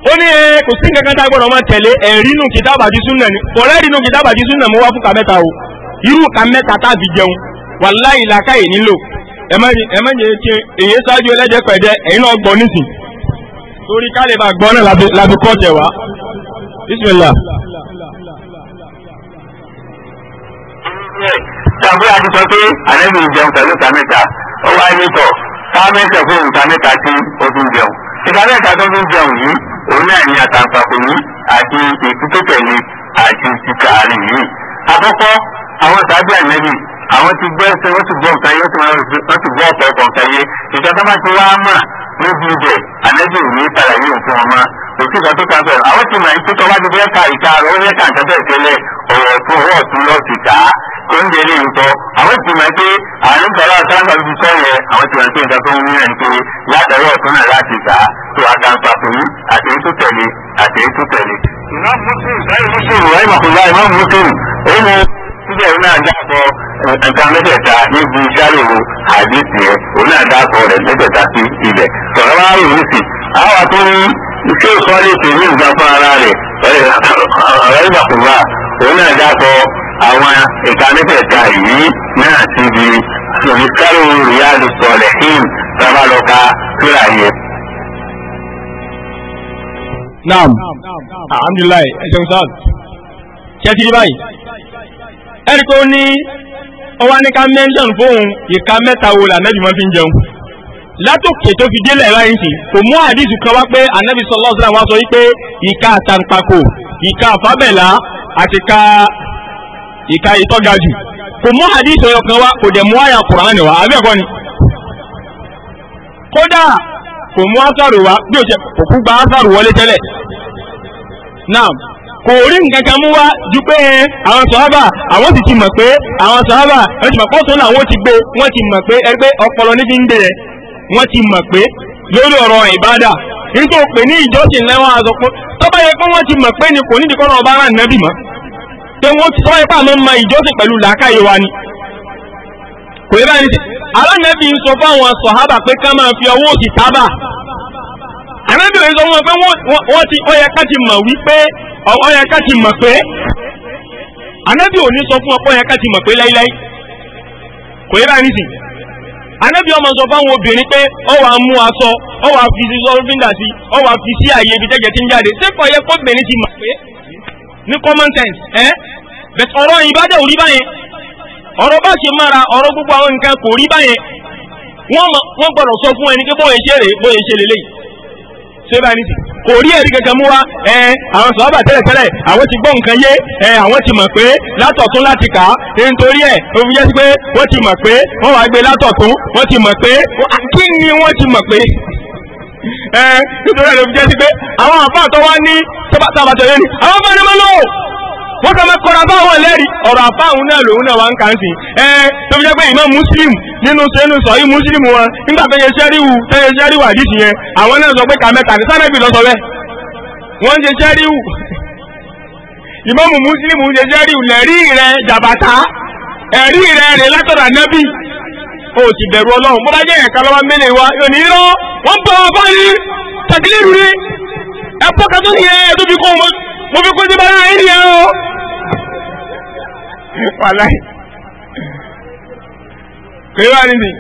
ó ní ẹ kò sí nǹkan tá a gbọ́dọ̀ máa tẹ̀lé ẹ̀rí nù kìtàbù àti súnà ni kò rẹ́ẹ̀rí nù kìtàbù àti súnà mo wá fún kàmẹ́ta o irú kàmẹ́ta tá a fi jẹun wàláhì làákàyè nílò ẹ má yẹ kí èyí ṣáájú ẹlẹ́jẹ̀ pẹ̀dẹ́ ẹ̀yin náà gbọ́ nísìn torí ká lè bá gbọ́ náà láfi kọ́ tẹ̀ wá bísímìlà. tàbí a sọ pé àlẹ́bí ìjẹun pẹ̀lú kàmẹ́ta ó wáyé tọ̀ kàmẹ́ta fún kàmẹ́ta tí ó tún jẹun ìkàmẹ́ta tó tún jẹun yìí òun náà ni àtàǹpàkò yìí àti ètí tó tẹ̀lé àti ìsìkà àárín yìí. àkọ́kọ́ àwọn sàájú ànẹ́bì àwọn ti gbọ́ ẹsẹ̀ wọ́n ti gbọ́ nǹkan yé wọ́n ti gbọ́ ọ̀pọ̀ ọ̀pọ̀ nǹkan yé ìjọ tó bá ti wá mọ̀ níbi ibẹ̀ ànẹ́bì ò ní ṣàlàyé nǹkan ọmọ òsì ìjọ tó ta sọ̀rọ̀ àwọn ti mọ̀ ìpín tó bá ti fẹ́ ka ìta ọ̀rọ̀ ó fẹ́ ka ọ̀rọ̀ tó ọ̀tún lọ́ọ̀ ti tó ń délé nǹkọ àwọn ti mọ̀ pé àrùn bàbá sáńgbà bíbi sọ yẹ àwọn ti mọ̀ pé nǹkan tó ń wúyàn pé látọwọ́ ọ̀tún náà láti gbà á tó àgbàǹpà pẹ̀lú àti ètò tẹ̀lé àti ètò tẹ̀lé. ìmọ̀ mùsùlùmí báyìí mùsùlùmí wáyé màkúndà ìmọ̀ mùsùlùmí èyí ni síbẹ̀ òun náà dáàbọ̀ nǹkan mẹ́tẹ̀ẹ̀ta níbi ìṣàlùwò àdìsí ẹ̀ fún ara rẹ̀ ọ̀rẹ́ ìgbàkúngbà òun náà dáàbọ̀ àwọn ẹ̀ka mẹ́tẹ̀ẹ̀ta yìí náà ti di sòlítàrò ríàlù sọ̀lẹ̀hìn tábàlọ́ka tóra yẹ. naam alhamdulilayi ẹjọ sáà ṣẹ́tì rí báyìí ẹ̀rí pé ó ní ó wá ní ká mẹ́ńtàn fóun ìka mẹ́ta wo là nẹ́bí máa fi ń jẹun látòkè tó fi délẹ̀ láyé sí kò mú àdìsù kan wá pé anabi sọlọ́ọ̀sì náà wá sọ wípé ìka àtàǹpàkò ìka àfábẹ̀lá àti ìka ìka ìtọ́ga jù kò mú hadith ọyọ kan wá kò dẹ̀ mú àyà kùránì wá àbí ẹ̀kọ́ ni kódà kò mú asaru wá bí o ṣe kò kú gba asaru wọlé tẹ́lẹ̀ náà kò rí nǹkan kan mú wá ju pé àwọn sọ́hábà àwọn sì ti mọ̀ pé àwọn ẹ ti mọ̀ pọ́ sọ́nà àwọn ti gbé wọ́n ti mọ̀ pé ẹgbẹ́ ọpọlọ níbi ń dẹ̀ wọ́n ti mọ̀ pé lórí ọ̀rọ̀ ìbádà nítorí pé ní lẹ́wọ̀n yẹ pé wọ́n ti mọ̀ pé kò ọba nẹ́bì mọ́ pé wọ́n ti sọ́wọ́ ipá máa ń ma ìjọsìn pẹ̀lú làákàyè wa ni kò yẹ báyìí ní alánàbí ń sọ fáwọn sọ̀hábà pé ká máa fi ọwọ́ òsì tábà ànábì rẹ̀ sọ wọn pé wọ́n ti ó yẹ ká ti mọ̀ wípé ó ká ti mọ̀ pé ànábì ò ní sọ fún ká ti mọ̀ pé láíláí kò ọmọ sọ fáwọn obìnrin pé aṣọ sí sí sí ibi ń jáde ṣé ní common sense ẹ́ eh? bẹ̀t ọ̀rọ̀ yìí bá dẹ̀ ò rí báyẹn ọ̀rọ̀ bá ṣe mára ọ̀rọ̀ gbogbo àwọn nǹkan kò rí báyẹn wọ́n gbọ́dọ̀ sọ fún ẹni pé bóyá ṣe rè bóyá ṣe lélẹ̀ ṣé báyìí nìsí kò rí ẹ̀rí kankan mú wa ẹ àwọn sọ̀rọ̀bà tẹ́lẹ̀tẹ́lẹ̀ àwọn ti gbọ́ nǹkan yé ẹ àwọn ti mọ̀ pé látọ̀tún láti kà á nítorí ẹ̀ ó fi jẹ́ pé wọ́n ti mọ̀ pé wọ́n wá gbé látọ̀tún wọ́n ti mọ̀ pé kí ni wọ́n ti mọ̀ pé ẹ eh, nítorí ẹ̀rọ ìjẹ́ sí pé àwọn àfáà wá ní ni àwọn afáà ní máa lò wọ́n kàn máa kọ́ra báwọn lẹ́rìí ọ̀rọ̀ àfáàhùn náà lòun náà wá ń kà ń sìn eh, tó fi jẹ́ pé ìmọ̀ muslim nínú sẹ́nu sọ̀rí muslim wọn nígbà tó yẹ sẹ́ríwù tó yẹ sẹ́ríwù àdìsí yẹn àwọn náà sọ pé kà mẹ́ta ní sárẹ́bì lọ́sọ bẹ́ẹ̀ wọ́n ń ṣe sẹ́ríwù ìmọ̀mù muslim ń ṣe sẹ́ríwù lẹ́rìí rẹ̀ jàbàtà ẹ̀rí rẹ̀ o ti bẹ̀rù ọlọ́run bó bá jẹ́ ẹ̀ka lọ́wọ́ mẹ́lẹ̀ wa yóò ní irọ́ wọ́n bọ̀ ọ́ báyìí tàbílẹ̀ rú ni ẹ̀pọ̀ kátó ni ẹ̀ tó fi kó mo fi kó ti bá yàrá ẹ̀rí ẹ̀rọ. wàláì kìí wá nìyí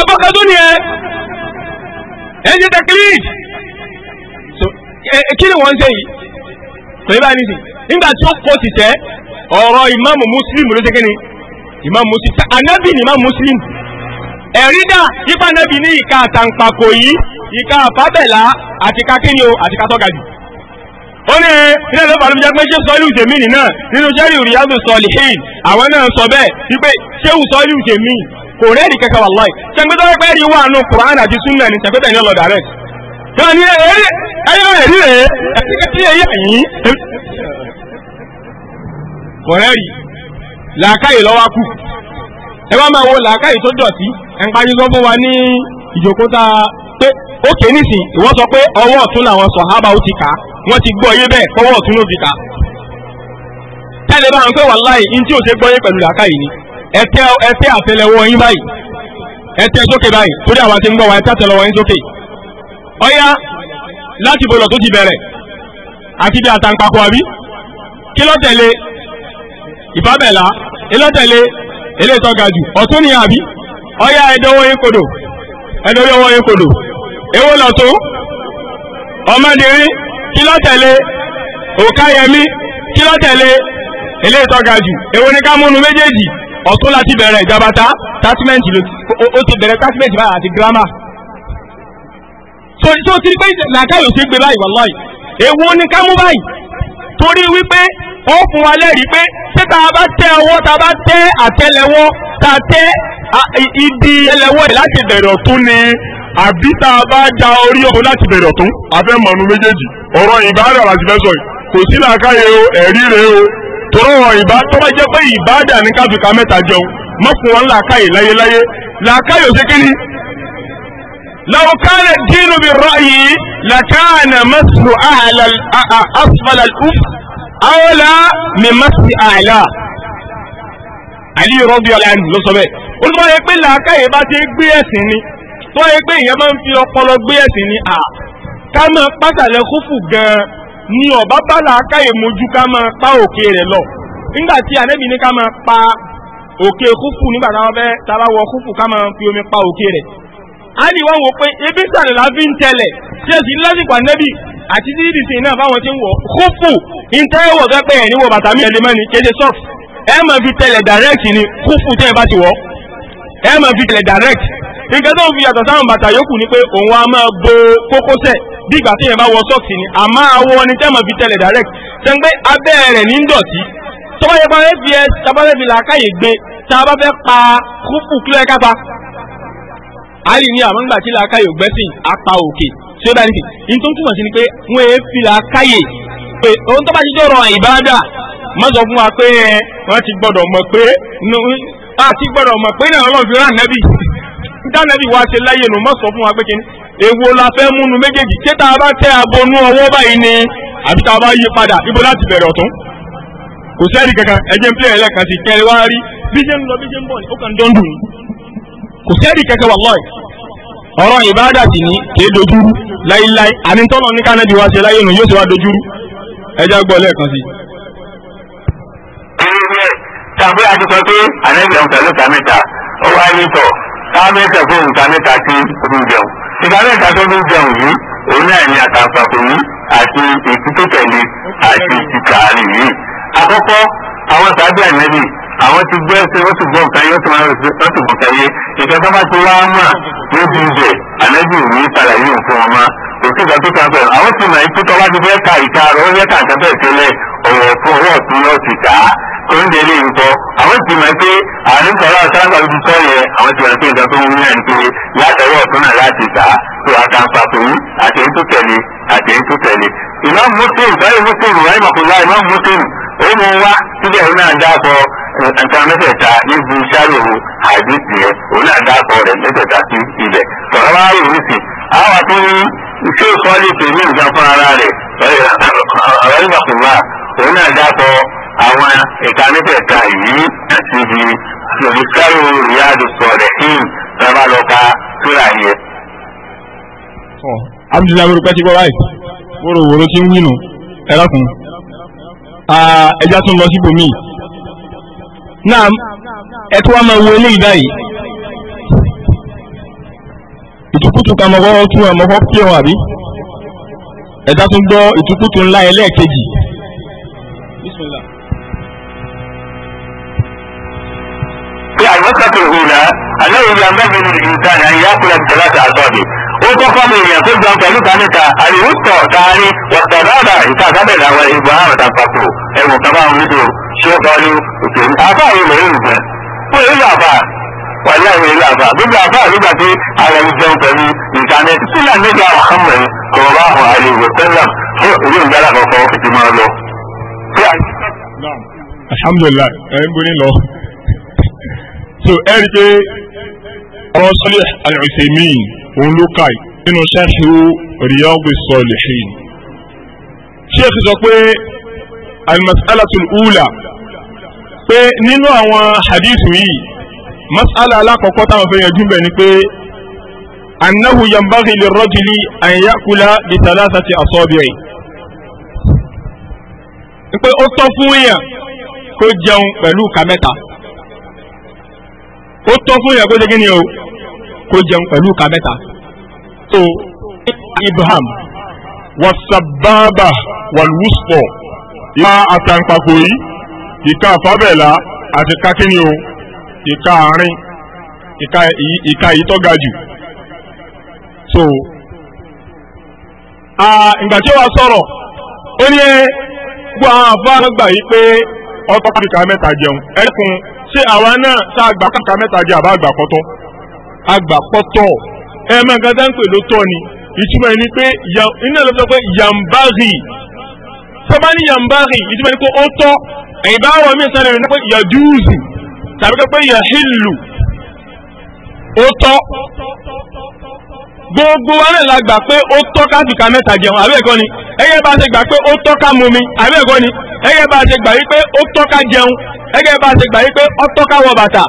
ẹ̀pọ̀ kátó ni ẹ̀ ẹ̀ ń ṣe tàbílẹ̀ kí ni wọ́n ń ṣe yìí kìí wá nìyí nígbà tí ó kó ti tẹ́ ọ̀rọ̀ ìmáàmù Muslim ló ṣe kí ni imam muslim ta anabi ni imam muslim ẹ̀rí dà yípa anabi ní ìka àtàǹpàkò yìí ìka àfábẹ̀lá àti kakíni o àti katọ́ga jù ó ní ilé ìlú bàbá jẹ́ pé ṣé sọ́ọ́lì ùjẹ̀mí náà nínú jẹ́rì riyadu sọ̀lìhìn àwọn náà sọ bẹ́ẹ̀ wípé ṣé sọ́ọ́lì ùjẹ̀mí kò rẹ́ẹ̀dì kẹ́kẹ́ wallahi ṣẹ́gbẹ́tọ́ pẹ́ rí wà nù Qur'an àti sunna ní ṣẹ́gbẹ́tẹ̀ ní ọlọ́dà rẹ̀ kan ní ẹ̀rí ẹ̀rí ẹ̀rí rẹ̀ ẹ̀rí ẹ̀yìn kò rẹ́ẹ̀rì làákàyè lọ́wọ́ kù ẹ bá máa wo làákàyè tó dọ̀tí ẹ̀ǹpáyé sọ fún wa ní ìjòkóta pé ókè nísìn ìwọ́n sọ pé ọwọ́ ọ̀tún làwọn sọ̀hábà ó ti kà á wọ́n ti gbọ́ yé bẹ́ẹ̀ kọ́wọ́ ọ̀tún ló fi kà á. tẹ́lẹ̀ bá ń pẹ́ wà láì ní tí ò ṣe gbọ́ yé pẹ̀lú làákàyè ni ẹ tẹ́ àtẹ́lẹwọ́ yín báyìí ẹ sókè báyìí torí àwọn ti ń gbọ́ wa ẹ tẹ́ àtẹ́lẹwọ́ yín sókè. ọ̀yá láti bọ̀lọ̀ tó ti bẹ̀rẹ̀ àti ìfábẹ̀lá ilọ́tẹ̀lé elétọ́ ga jù ọ̀tún ni àbí ọ̀yá ẹ̀dọ́wọ́ yín kodò ẹ̀dọ́wọ́ yín kodò èwo lọ́tún ọmọdérín kí lọ́tẹ̀lé òkáyẹmí kí lọ́tẹ̀lé elétọ́ ga jù èwo ni ká múnu méjèèjì ọ̀tún láti bẹ̀rẹ̀ ìjọba ta tásímẹ́ǹtì ó ti bẹ̀rẹ̀ tásímẹ́ǹtì báyìí àti gírámà tó ti rí pé làákàyò ṣe gbé báyìí wàláì èwo ni ká mú báyìí torí wípé ó fún wa lẹ́rìí pé ṣé tá a bá tẹ ọwọ́ tá a bá tẹ àtẹlẹwọ́ tá a tẹ ìdí ẹlẹ́wọ́ ẹ̀ láti bẹ̀rẹ̀ ọ̀tún ni àbí tá a bá da orí ọ̀hún láti bẹ̀rẹ̀ ọ̀tún. a fẹ́ mọ̀nú méjèèjì ọ̀rọ̀ ìbáàdà láti fẹ́ sọ yìí kò sí làákàyè o ẹ̀rí rèé o tọrọ ìbá tó bá jẹ́ pé ìbáàdà ní ká mẹ́ta jẹun mọ́ wọn làákàyè láyéláyé làákàyè ò ṣe kí ni. لو كان الدين بالرأي لكان مصر أعلى أسفل awla min masi àìlà Aliyu radiyallahu anhu ló sọ bẹ́ẹ̀ olùmọ̀ yẹ pé làákàyè bá ti gbé ẹ̀sìn ni tó yẹ pé ìyẹn máa ń fi ọpọlọ gbé ẹ̀sìn ni à ká máa pàtàlẹ́ kúfù gan ni ọ̀bá bá làákàyè mojú ká máa pa òkè rẹ̀ lọ nígbà tí Ànábì ní ká máa pa òkè kúfù nígbà táwọn fẹ́ tábà wọ kúfù ká máa fi omi pa òkè rẹ̀ á ní wọ́n wò pé ebi sàlẹ̀ la fi ń tẹ̀lẹ̀ tí èsì lásìkò Ànábì àti tí ìdìsí náà báwọn ti ń wọ̀ kófù ìtẹ́wọ̀ gẹ́pẹ́ ẹ̀ níwọ̀ bàtà mi ẹ̀lẹ́mọ́ ni kéde sọ́f ẹ máa fi tẹ̀lẹ̀ direct ni kófù tẹ́ ẹ bá ti wọ̀ ẹ máa fi tẹ̀lẹ̀ direct nǹkan tó ń fi yàtọ̀ sáwọn bàtà yòókù ni pé òun á máa bo kókósẹ̀ bí ìgbà tí yẹn bá wọ sọ́ọ̀kì ni àmọ́ awọ ni tẹ́ máa fi tẹ̀lẹ̀ direct tẹ́ ń gbé abẹ́ rẹ̀ ní dọ̀tí tọ́wọ́ yẹn bá fẹ́ fi pa kófù kílọ̀ ẹ̀ kápá. ni àmọ́ ńgbà tí làákàyè ò gbẹ́sìn tí ó dání sí i tó ń túmọ̀ sí ni pé wọ́n èé fìlà káyè pé ohun tó bá ti dọ̀rọ̀ ìbáradà má sọ fún wa pé wọ́n ti gbọ́dọ̀ mọ̀ pé àti gbọ́dọ̀ mọ̀ pé náà ọlọ́run fi rán nẹ́bì dánẹ́bì wá ṣe láyé nù má sọ fún wa pé kí ni èwo la fẹ́ múnu méjèèjì ṣé tá a bá tẹ abonú ọwọ́ báyìí ni àbí tá a bá yí padà ibo láti bẹ̀rẹ̀ ọ̀tún kò sẹ́ẹ̀rì kankan ẹ̀jẹ̀ ń pè é lẹ́ẹ̀kan sí kẹrin wá rí bí ṣe ń lọ bí ṣe ń bọ̀ ni ó kàn dọ́ndùn kò ọ̀rọ̀ ìbáàdà sì ní kì í dojúrú láíláí àní tọ́lọ̀ ní kánádì wá ṣe láyé nù yóò ṣe wá dojúrú ẹjá gbọ́ lẹ́ẹ̀kan sí. tàbí a ti sọ pé àlejò ọ̀hún pẹ̀lú kàmẹ́ta ó wá ní tọ̀ kàmẹ́ta fún kàmẹ́ta tí ó ń jẹun ìkàmẹ́ta tó ń jẹun yìí òun náà ní àtàkùn yìí àti ètí tó tẹ̀lé àti ìkàrí yìí àkọ́kọ́ àwọn sàbẹ̀ ànẹ́bì àwọn ti gbọ́ ẹsẹ̀ wọ́n ti gbọ́ nǹkan yé wọ́n ti máa rẹ̀ wọ́n ti gbọ́ nǹkan yé ìfẹ́ tó bá ti wá mà ló di ibẹ̀ àlẹ́bí ìwé ìtara yìí ń fún wọn má kò sí ìgbà tó kàn bẹ̀rẹ̀ àwọn ti mọ̀ ikú tó bá ti fẹ́ ka ìta rẹ̀ wọ́n fẹ́ ka nǹkan bẹ́ẹ̀ tẹ́lẹ̀ ọ̀rọ̀ fún ọwọ́ ọ̀tún náà ti kà á tó ń délé nǹkan àwọn ti mọ̀ pé àárín kọ̀ọ̀lá ọ̀sán àgbà tó yẹ àwọn ti mọ̀ pé nǹkan tó ń wúyà ní pé látọwọ́ ọ̀tún náà láti kà á tó àtàǹfà tó wú àtẹ̀yìn tó tẹ̀lé àtẹ̀yìn tó tẹ̀lé ìmáàmù Muslim báyìí Muslim ìmáàmù Muslim ó mú wá síbẹ̀ náà dáàbọ̀ nǹkan mẹ́tẹ̀ẹ̀ta níbi sáyẹ̀wò àdìsí yẹn òun náà dákọ̀ rẹ̀ mẹ́tẹ̀ẹ̀ta sí ilẹ̀ sọ̀rọ̀ wá rò wípé àwọn tó ní ṣé o sọ lè pè ní nǹkan fún ara rẹ̀ ọ̀rọ̀ ìgbàkúnwá òun náà dákọ̀ àwọn ẹ̀ka mẹ́tẹ̀ẹ̀ta yìí láti fi lòdì sáyẹ̀wò ríádù sọ̀rẹ̀ in sábà lọ ka síra yẹn. abdullahi aburukẹ́ ti gbọ́ báyìí wóró wóró ti ń wí nù ẹ̀rọ kan ẹja tún lọ síbòmíì náà ẹ̀tọ́ wa máa wo eléyìí báyìí ìtukùtù ká mọ́kọ́ tún ẹ̀ mọ́kọ́ pé wọn àbí ẹ̀dá tún gbọ́ ìtukùtù ńlá ẹlẹ́ẹ̀kejì. pé àgbẹ̀kẹ̀tò ìhùnà àlẹ́yìn ìyá mẹ́rin ní ìta ní àyè àkúrẹ́ ìtẹ̀láta àtọ́dì ó kọ́ fọ́ọ̀mù èèyàn tó gbọ́n pẹ̀lú kan níta àríwútọ̀ dáa ní wọ̀tọ̀ dáadáa ìta àtàbẹ̀dà àwọn ìgbà àrùn tàpapọ̀ ẹ̀wọ̀n kaba àwọn onídòó ṣẹ́ẹ̀kù ọlú òkè àbá àwọn ọmọ yìí nìkan wọ́n èlò àbá wà ní àwọn èlò àbá gbogbo àbá nígbà tí ara ń jẹun pẹ̀lú íńtánẹ́ẹ̀tì tí ìlànà ìgbà àhámọ́ yìí kọ̀ wá àwọn àlejò tẹ́lá fún ìlú ìgbàlá kọ̀ọ̀kan ti máa lọ. alhamdulilayi ẹ ń gbóni lọ so ẹ rí pé ọ̀rọ̀ sọ́lẹ̀ àlùsèmí òun ló kà nínú ṣáṣíwò riyadu salihin sheikh sọ pé almasalatul ula pé nínú àwọn hadithu yìí masala alákọ̀ọ́kọ́ táwọn fẹ́ yanjú bẹ̀ ni pé annahu yanbaghi lirrajuli an yakula bi thalathati asabi'i pé ó tọ́ fún èèyàn kó jẹun pẹ̀lú ìka mẹ́ta ó tọ́ fún èèyàn kó jẹ́ kíni o kó jẹun pẹ̀lú ìka mẹ́ta tó ibrahim wasababa walwuspo ìka àtàǹpàkò yìí ìka fábẹ́là àti kákínní o ìka àárín ìka yìí tó jù so ìgbà tí ó wá sọ̀rọ̀ ó ní gbogbo àwọn àfáàná gbà yìí pé ọkọ̀ kàkà mẹ́ta jẹun ẹ̀kún ṣé àwa náà ṣá àgbà kàkà mẹ́ta jẹ àbá àgbà pọ́tọ́ àgbà pọ́tọ́ ẹ̀ ń pè ló ni ìtumọ̀ ẹni pé iná ló sọ pé yambari tọ́mání yambari ìtumọ̀ ní kó ó tọ́ ẹ̀yìn bá wọ̀ mí sáré rẹ̀ ní pé yajuzi tàbí pé yahillu ó tọ́ gbogbo wa náà la gbà pé ó tọ́ ká fìkà mẹ́ta jẹun àbí ẹ̀kọ́ ni ẹ̀yẹ bá ṣe gbà pé ó tọ́ ká mumi àbí ẹ̀kọ́ ni ẹ̀yẹ bá ṣe gbà wípé ó tọ́ ká jẹun ẹ̀yẹ bá ṣe gbà wípé ó tọ́ ká wọ bàtà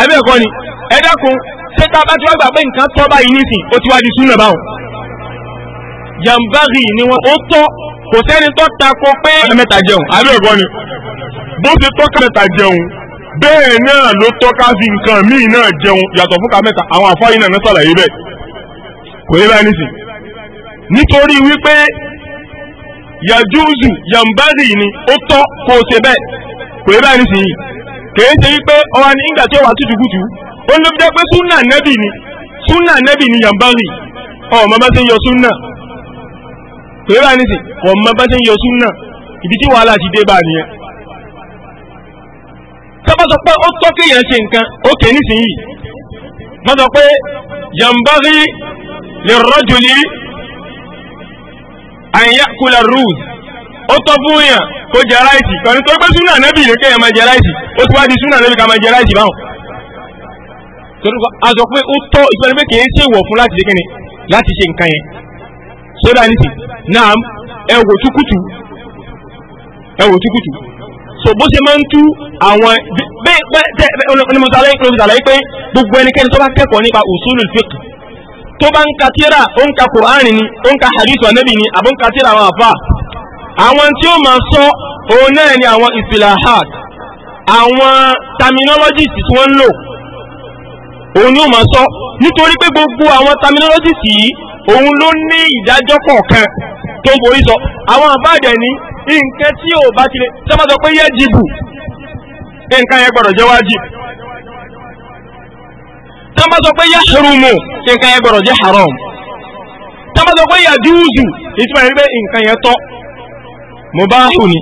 àbí ẹ̀kọ́ ni ẹ dákun ṣé tá bá ti wá gbà pé nǹkan tọ́ báyìí nísìn ó ti wá di súnà báwọn. yambari ni wọn ó tọ́ kò sẹ́ni tó takò pé mẹ́ta jẹun àbí ẹ̀gbọ́ ni bó ṣe tọ́ka mẹ́ta jẹun bẹ́ẹ̀ náà ló tọ́ka fi nǹkan míì jẹun yàtọ̀ fún ka mẹ́ta àwọn àfáyín náà ń sàlàyé bẹ́ẹ̀ kò yẹ báyìí nísìn nítorí wípé yàjúùzù yàmbádì ni o ṣe bẹ́ẹ̀ kò yẹ báyìí nísìn kèé ṣe wípé ọwọ́ ni tí ó wà ó ni súnà nẹ́bì ni yàmbádì ọ̀ ń yọ súnà pé bá ní sí kò mọ bá ṣe ń yọ súnà ibi tí wàhálà ti dé bá nìyẹn tọ́pọ̀ pé ó tọ́ kéèyàn ṣe nǹkan ókè nísìnyí wọ́n sọ pé yambari lè rọ́jò lé àyàkùlà rúùs ó tọ́ fún yàn kó jẹ ráìsì pẹ̀lú tó pé súnà nẹ́bì lè kéèyàn máa jẹ ráìsì ó ti wá di súnà nẹ́bì ká máa jẹ ráìsì báwọn torí a sọ pé ó tọ́ ìpẹ́lẹ́pẹ́ kì í ṣèwọ̀ fún láti ṣe kíni láti ṣe nǹkan yẹn sódà nìsí náà ẹ wò tukutu ẹ wò tukutu so bó ṣe máa ń tú àwọn bẹ́ẹ̀ bẹ́ẹ̀ ní musalẹ́ ní musalẹ́ pé gbogbo ẹnikẹ́ni tó bá kẹ́kọ̀ọ́ nípa usulul fiqh tó bá ń ka tírà ó ń ka Qur'an ni ó ń ka hadith anabi ni àbó ń ka tírà àwọn àfa àwọn tí ó máa sọ òun náà ni àwọn istilahat àwọn terminologist tí wọ́n ń lò òun ni ó máa sọ nítorí pé gbogbo àwọn terminologist yìí òun ló ní ìdájọ́ kọ̀ọ̀kan tó borí sọ àwọn àbáàdẹ̀ ní nǹkan tí ò bá ti lè sábà sọ pé yẹ jìbù nǹkan yẹn gbọ́dọ̀ jẹ́ wájì sábà sọ pé yẹ ṣùrùmù nǹkan gbọ́dọ̀ jẹ́ haram sábà sọ pé yẹ júùzù ìtumọ̀ yẹn pé nǹkan yẹn tọ́ mubáhù ni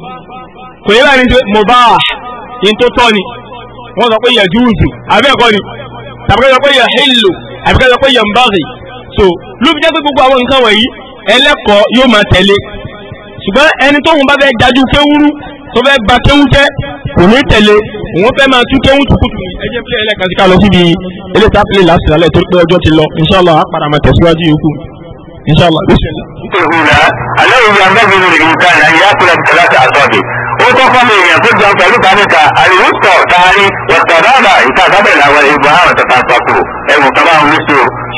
kò yẹ tó tọ́ ni wọ́n sọ pé yẹ àbí ẹ̀kọ́ ni tàbí kẹ́ sọ pé yẹ hìlù àbí kẹ́ sọ pé so ló fi jẹ́ pé gbogbo àwọn nǹkan wọ̀nyí ẹlẹ́kọ̀ọ́ yóò máa tẹ̀lé ṣùgbọ́n ẹni tóun bá fẹ́ dájú kéwúrú tó fẹ́ ba kéwú jẹ́ kò ní tẹ̀lé òun fẹ́ máa tú kéwú tukutu ẹjẹ́ pílẹ̀ ẹlẹ́kan sí ká lọ síbi eléyìí tá a pèlè lásìkò alẹ́ torí pé ọjọ́ ti lọ inṣọ́lá á padà máa tẹ̀síwájú yòókù inṣọ́lá bí ṣẹlẹ̀. ìhùnà alẹ́ ìwé àgbẹ̀bí ni nǹkan ẹ̀yà kúrẹ́ tẹ̀láṣà àtọ́bi ó tọ́ fún mi èèyàn tó jẹun pẹ̀lú bámẹ́ta àríwúsọ̀ tààrí wọ̀tàdáàbà ìtàdábẹ̀lá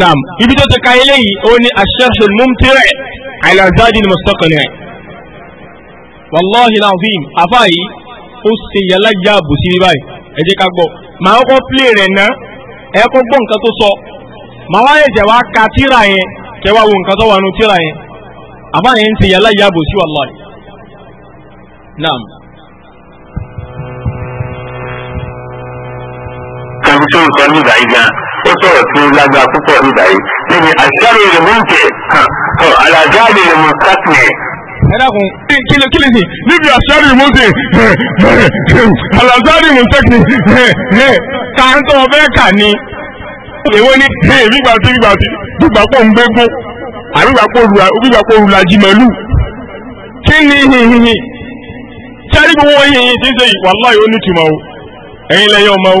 naam ibi tó ti ka eléyìí ó ní aṣẹ́ṣe múmtírẹ̀ àìlàzáàdì ni mọ̀sítọ́kànlẹ̀ rẹ̀ wàláhì láàfin àfáàyí ó ṣe yàrá já bù sí báyìí ẹ jẹ́ ká gbọ́ màá kọ́ pílé rẹ̀ ná ẹ kọ́ gbọ́ nǹkan tó sọ màá wáyé jẹ́ wá ka tíra yẹn jẹ́ wá wo nǹkan tó wà nù tíra yẹn àfáàyí ń ṣe yàrá já bù sí naam. kàbíṣọ́ nǹkan nígbà yìí gan ó sọ̀rọ̀ tí ó lágbára púpọ̀ nígbà yìí níbi àṣàrò rẹ̀ mú jẹ́ àlàjáde rẹ̀ mú sátìmẹ̀. ẹ dákun kí ló kí ló sì níbi àṣàrò rẹ̀ mú jẹ́ àlàjáde rẹ̀ mú sátìmẹ̀ ká ń tọ́ ọbẹ̀ kà ní èwo ni gbígbà tí gbígbà tí gbígbà pọ̀ ń gbégún àgbígbà pọ̀ rù lajì mẹ́lú kí ni hihihi sáré gbogbo hihihi ti ń ṣe wàláhì ó ní tùmọ̀ o ẹ̀yin lẹ́yìn ọmọ o.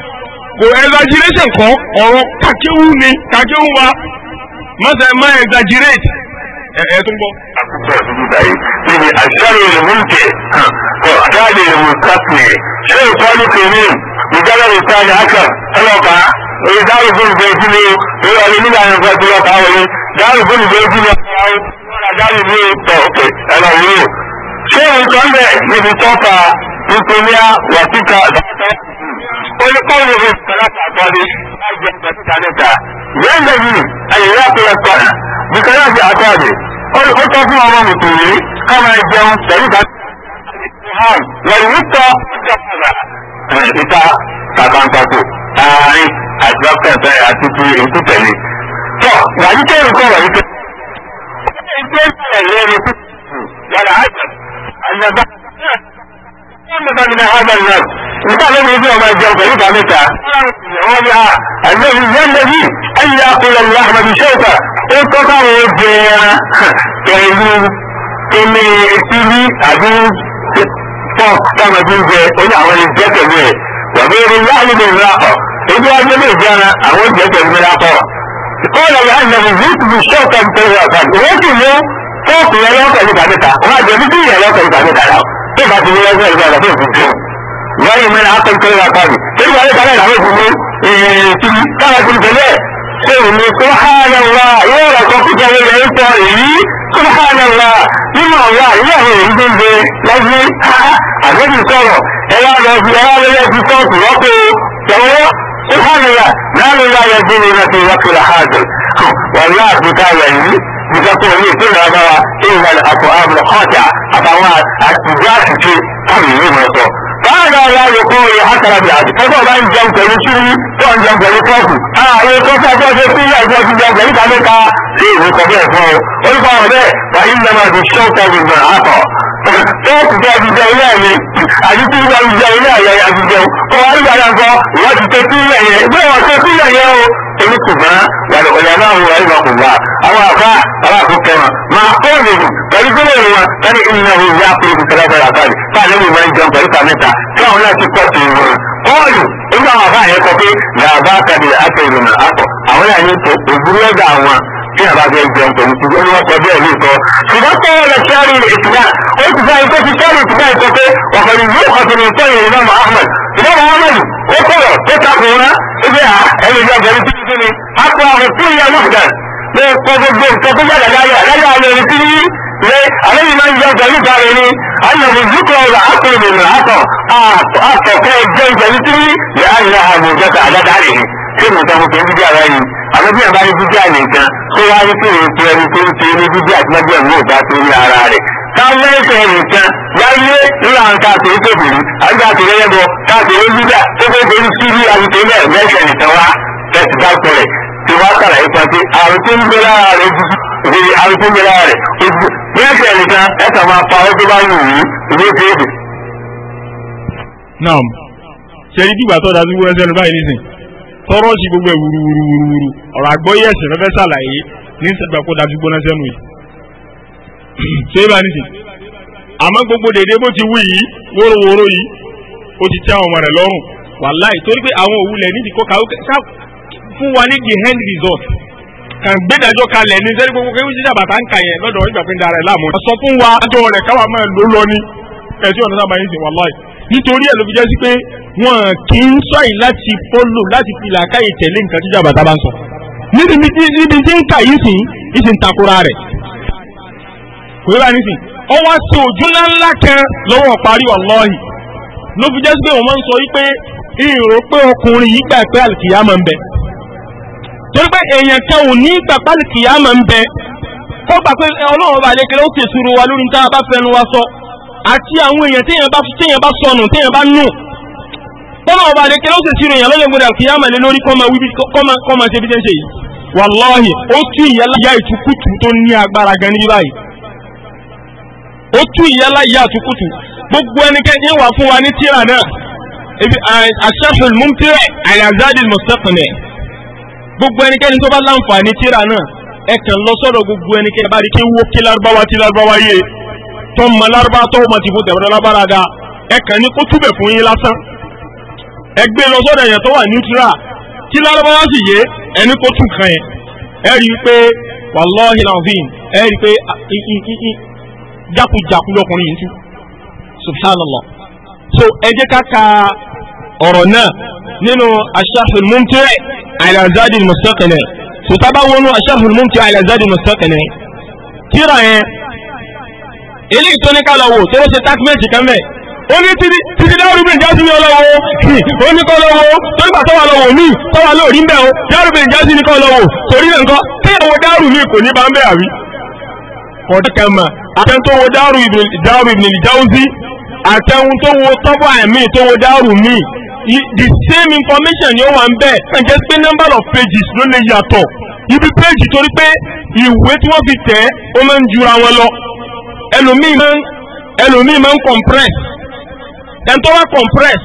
kò exaggeration kọ́ ọ̀rọ̀ kàkéwù ni kàkéwù wa mọ́sẹ̀ má exaggerate ẹ̀ ẹ̀ tó ń bọ̀. àkùkọ ìdúró báyìí kí ni àṣàrò ìrìnmúlùkẹ kọ káàdì ìrìnmúlùkàpẹ ṣé ìkọlù kìíní ìjọba ìtajà àkà ọlọ́pàá èyí dáàbò fún ìgbẹ́ ìdílé èyí ọ̀lẹ́ nígbà yẹn fún ìdílé ọ̀pá wọlé dáàbò fún ìgbẹ́ ìdílé ọ̀pá wọlé dáàbò fún ìtọ̀ ọ̀pẹ ẹ̀lọ́wọ́ ṣé ìtọ́ńbẹ̀ níbi tọ́ta ولقوله ثلاثة أطالب أجل الثالثة ينبغي أن يأكل الطعام بثلاث أطالب الخطة في أمام الطويل كما يجب ثلاثة الاستهام والوطة والجفرة kàkàǹkàkò àárín àgbàkàtà àti ti ètò tẹ̀lé. tọ́ wàyí tẹ́ ìrùkọ́ wàyí tẹ́. ó ṣe ń tẹ́ ìrìn lórí kúkú yàrá àjọ àyàbá. ó ń bá mi ní hábà náà nta ló ní fún ọmọ ẹjọ́ pẹ̀lú ìta mẹ́ta. wọ́n ní àlẹ́bí yẹ́lẹ́bí ẹ̀yà kúlẹ̀ ní ahmadu ṣẹ́ta ó tọ́ káwọn ó jẹ ẹran pẹ̀lú kíní síbí àbí pọ́ọ̀k táwọn ti ń jẹ oní àwọn ní jẹ́ pẹ̀lú ẹ̀. wàbí eré yáàlú mi rà ọ̀ ebi ọjọ́ lè jẹ́ ara àwọn jẹ́ pẹ̀lú mi rà ọ̀. kọ́lẹ̀ yà lẹ́bí yìí ṣẹ́ta ń tẹ̀lé ọ̀sán òun sì mú fọ́ọ̀kù yẹn lọ́kọ̀ọ́ wáyé mẹ́rin akọ̀ ìtọ́ ìwà pàmì tẹ́lú wáyé kan náà ìdáwọ́ ìgbìmọ̀ kára kùn tẹ́lẹ̀ ṣé òní subhanallah yóò rà sọ fún ìjọba ilẹ̀ ìtọ́ èyí subhanallah nínú ọ̀la ilé àwọn èyí tó ń gbé lọ́sí àgbẹ̀bí sọ̀rọ̀ ẹ̀rọ lọ́sí ẹ̀rọ lọ́sí sọ́ọ̀tù rọ́pò ṣọwọ́ subhanallah náà ló láyé bí mi náà ti rọ́pò làhájọ wàlá àbúkà rẹ̀ yìí nígbà tó ní ìpínlẹ̀ ọ̀gá wa ìwà àpò àbùrọ̀ kọ́ọ̀tà àtàwọn àtúgbà àtúnṣe báyọ̀ ya yòókù rẹ̀ hàkàrà bí àti ẹgbẹ́ ọba ń jẹun pẹ̀lú ṣírí tó ń jẹun pẹ̀lú kọ́ọ̀kù ààrẹ kọ́ọ̀kù ọjọ́ ṣe sí ilé ẹ̀jọ́ ti jẹun pẹ̀lú kàmẹ́ka lè wò kọ́ bẹ́ẹ̀ fún ọ orúkọ àwọn bẹ́ẹ̀ wà ní ìlànà ṣọ́ọ̀tà gbogbo àpọ̀ kọ́ọ̀kù jẹ́ àjíjẹ ilé ẹ̀mí àti tí wọ́n ilé ẹ̀yẹ àjíjẹ kọ́ torí kò bá wàlúwàlú àwọn wàlúwà kò bá àwọn àfa àwọn àkókò wọn máa kó lòlù pẹ̀lú gbólóhùn wọn káni ìnáwó ìyá àkúrò kò tẹ̀lé ọ̀gá àbáyé káàlẹ́ mi máa ń jẹun pẹ̀lú pàmẹ́ta tí àwọn náà ti pọ̀ sí wọn. bọ́ọ̀lù nígbà àwọn àfa yẹn kọ pé làbá kàdé àtẹ̀yìnà àpọ̀ àwọn náà tí a bá fẹ́ jẹun pẹ̀lú tí wọ́n wọ́n pẹ̀lú ẹ̀mí kan. ṣùgbọ́n tó wọ́n lọ sí àárín ilẹ̀ ìtura ó ti sáré tó ti sáré ìtura ìkọ́ pé ọ̀pẹ̀lú yóò kọ́sọ̀rọ̀ ìtọ́ ìrìn náà Muhammad ṣùgbọ́n Muhammad ó kọ̀rọ̀ tó takò wọn ó bẹ́ à ẹni ìjọ pẹ̀lú tí kí ni a kọ àwọn tí ìyá mọ̀gàn ló kọ gbogbo nǹkan tó yàgà láyé àlẹ́ àwọn ẹni tí ilé àwọn ìmọ̀ ìjọ pẹ̀lú ìbára ẹni àwọn ìzúkọ̀ ọ̀rọ̀ àkọlù ìrìn àtọ̀ àtọ̀kọ̀ ìjọ ìjọ ìtúrí ìyá ìyá àmọ̀jọ́ta àdáda rẹ̀ ni tí mo sọ fún bíbí ara yìí àmọ́ bí ẹ̀ bá ní bíbí àná nǹkan tó wá rí pèrè pé ẹni tó ń pe ní bíbí àti lọ́jọ́ ìmú ìdá tó ní ara rẹ̀ káwọ́ẹ̀sẹ̀ nìkan láyé ńlá ń ta tòun tó bìrì àgbà tó lẹ́yẹ bọ ta tòun bíbí tó fẹ́ torí síbí àti tó bẹ́ẹ̀ mẹ́sẹ̀ nìkan wá tẹ̀sí dákọ rẹ̀ tí wọ́n kàrà ipa pé ń gbé lára rẹ̀ ojú àrùn tó ń gbé lára rẹ̀ tọ́rọ́ sí gbogbo ẹ̀ wúruwúruwúru ọ̀rọ̀ àgbọ́yé ẹ̀sìn fẹ́fẹ́ ṣàlàyé ní sẹ́gbà kó dájú gbóná sẹ́nu yìí. ṣé bá nìsí àmọ́ gbogbo dèdè bó ti wú yìí wórówóró yìí ó ti tẹ́ àwọn ọmọ rẹ̀ lọ́rùn wàláì torí pé àwọn òwúlẹ̀ nídìí kọ́ ká fún wa ní the end result kàn gbẹ́dájọ́ kalẹ̀ ní sẹ́ni gbogbo kéwù sí dàbàtà ń kà yẹn lọ́dọ̀ ìgbà pé ń darẹ̀ láàmú. sọ fún wa àjọ rẹ̀ káwa máa lò lọ ní ẹ̀sìn ọ̀nà sábà yín sìn wàláì nítorí ẹ̀ ló fi jẹ́ sí pé wọn kì í sọ̀yìn láti fọ́lò láti fi làákàyè tẹ̀lé nǹkan jíjà bàtà bá ń sọ níbi tí ń kà yìí sìn ìsìn takora rẹ̀ kò yẹ báyìí sìn ọ wá sí ojú ńláńlá kan lọ́wọ́ parí ọlọ́ọ̀hì ló fi jẹ́ sí pé wọ́n máa ń sọ wípé ìrò pé ọkùnrin yìí gbà pé àlùkìyà máa ń bẹ torí pé èèyàn kan ò ní gbà pé máa ń bẹ kó gbà pé ọlọ́run ọba àlekèrè ó kèsùrù àti àwọn èèyàn téèyàn bá téèyàn bá sọnù téèyàn bá nù kọ́mọ ọba àdékè ló sì sírò èèyàn lọ́lẹ̀ gbọdọ̀ kì í yá màlẹ́ lórí kọ́mọ wíbi kọ́mọ ṣe bí ṣe ń ṣe yìí wàláhì ó tú ìyálàyà ìtukùtù tó ní agbára gan ní báyìí ó tú ìyálàyà ìtukùtù gbogbo ẹnikẹ́ni wà fún wa ní tíra náà ebi asẹ́fún múntírẹ̀ àyàzádìí mọ̀sẹ́kùnẹ̀ gbogbo ẹnikẹ́ni tó bá láǹfààní tíra náà ẹ̀kàn lọ sọ́dọ̀ gbogbo ẹnikẹ́ni bá rí kí wó kí lárúbáwá tí lárúbáwá tó mọ lárúbá tó mọ ti fún tẹ̀wọ́n lábára ga ẹ kàn ní kó túbẹ̀ fún yín lásán ẹ gbé lọ sọ́dọ̀ yẹn tó wà nítra tí lárúbá wá sì yé ẹni kó tún kàn yẹn ẹ rí i pé wàlọ́hìn alvin ẹ rí i pé jákujàku lọkùnrin subhanallah so ẹ jẹ́ ka ọ̀rọ̀ náà nínú aṣáfin mumtẹ́ àìlàzádì mustaqni sùtábà wọnú aṣáfin mumtẹ́ àìlàzádì mustaqni kíra yẹn eléyìí tó ní ká lọ wò tó ló ṣe tákímẹ́ǹtì kan mẹ́ ó ní títí dárúbìn jásí ní ọlọ́wọ́ ó ní kọ́ lọ́wọ́ tó nígbà tó wà lọ́wọ́ mí tó wà lórí ń bẹ̀ ó dárúbìn jásí ní kọ́ lọ́wọ́ torí ẹ̀ ń kọ́ tí ìwọ dárú mi kò ní bá ń bẹ̀ àrí. ọ̀dọ́ kan mà àtẹn tó wo dárú ìbìnrin ìjáwúzí àtẹn tó wo àmì tó dárú mi the same information ni ó wà ń bẹ̀ ẹ̀ pé number of pages ló lè yàtọ̀ ibi page torí pé ìwé tí wọ́n fi tẹ̀ ó máa ń jura wọn lọ ẹlòmíì máa ń compress ẹni tó wá compress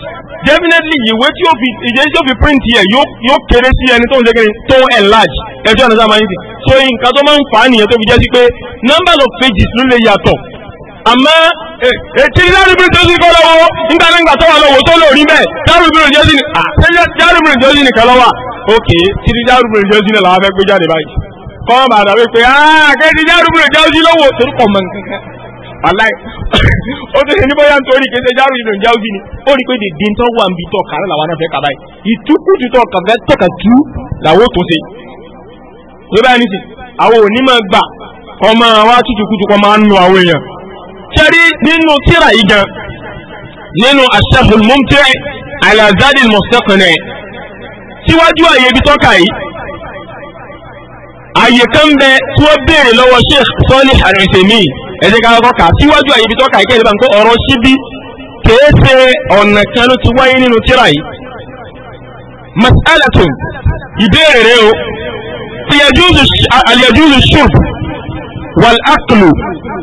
definitely ìwé tí ó fi ìjẹ́ tí ó fi print yẹ yóò kéré sí ẹni tó ń segin tó enlarge ẹjọ́ ọ̀nà sáà máa ń so nǹkan tó máa ń fà á nìyẹn tó fi jẹ́ sí pé numbers of pages ló lè yàtọ̀ àmọ́ ètìrí dárúbìrì tó sì kọ́ lọ́wọ́ nígbà nígbà tó wà lọ́wọ́ tó lò rí bẹ́ẹ̀ dárúbìrì jọ́sí ni dárúbìrì jọ́sí ni kan lọ́wọ́ ok tìrí dárúbìrì jọ́sí ni làwọn fẹ́ gbé jáde báyìí kọ́ bàdà wípé ah kẹ́ẹ̀tì dárúbìrì jọ́sí lọ́wọ́ torí pọ̀ mọ́ nǹkan kan aláì ó tún ṣe ní bóyá nítorí kí n ṣe járu ìlú ìjà òbí ni ó rí i pé dèdè tó wà ń bi tọ̀ kàrẹ́ làwọn náà fẹ́ kàdá yìí ìtúkùtù tọ̀ kàfẹ́ tọ̀kà tú làwọn ò tó ṣe. ló bá ní sè àwọn òní máa gbà ọmọ àwọn atútùkùtù kan máa ń nu àwọn èèyàn. kẹ́rí nínú tíra yìí gan nínú Ash-Sharhul Mumti' ala Zadil Mustaqni síwájú àyè ibi tọ́ka yìí àyè kan bẹ tí wọ́n béèrè lọ́wọ́ Sheikh Salih al ẹ jẹ́ ká kọ́kọ́ kà síwájú àyè ibi tó kà ìkẹyìn báyìí kó ọ̀rọ̀ síbí kèé ṣe ọ̀nà kan ló ti wáyé nínú tíra yìí. mas'alatun ìbéèrè rẹ o aliyajuzu shurb wal aklu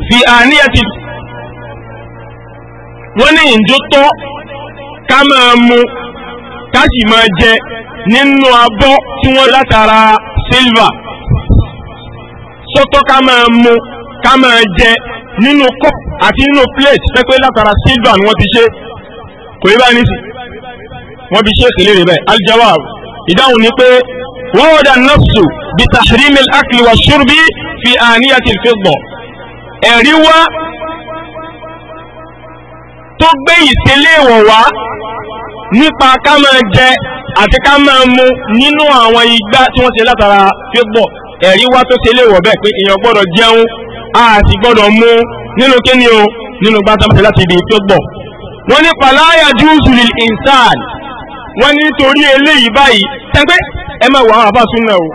fi àníyàtì wọ́n ní ìjó tọ́ ká máa mu ká sì máa jẹ nínú abọ́ tí wọ́n látara silver sọ́tọ́ ká máa mu ká máa jẹ nínú cup àti nínú plate pẹ́pẹ́ látara silver ni wọ́n ti ṣe kò yí báyìí nísì wọ́n fi ṣe ìṣẹ̀lẹ̀ rẹ̀ bẹ́ẹ̀ aljawab ìdáhùn ni pé wọ́n wọ́n dà nọ́ọ̀sù bí tahrimi akli wa ṣurbi fi àníyàtì fẹ́gbọ̀ ẹ̀rí wá tó gbé ìṣẹ̀lẹ̀ wọ̀ wá nípa ká máa jẹ àti ká máa mu nínú àwọn igbá tí wọ́n ṣe látara fẹ́gbọ̀ ẹ̀rí wá tó ṣẹlẹ̀ wọ̀ bẹ́ẹ̀ pé èèyàn gbọ́dọ̀ jẹun a sì gbọ́dọ̀ mú nínú kíni o nínú gbátamọ́sẹ̀ láti ibi tó gbọ̀ wọ́n ní pàláyà júùsù lil insan wọ́n ní torí eléyìí báyìí tẹ́gbẹ́ ẹ máa wà àbá súnmọ́ o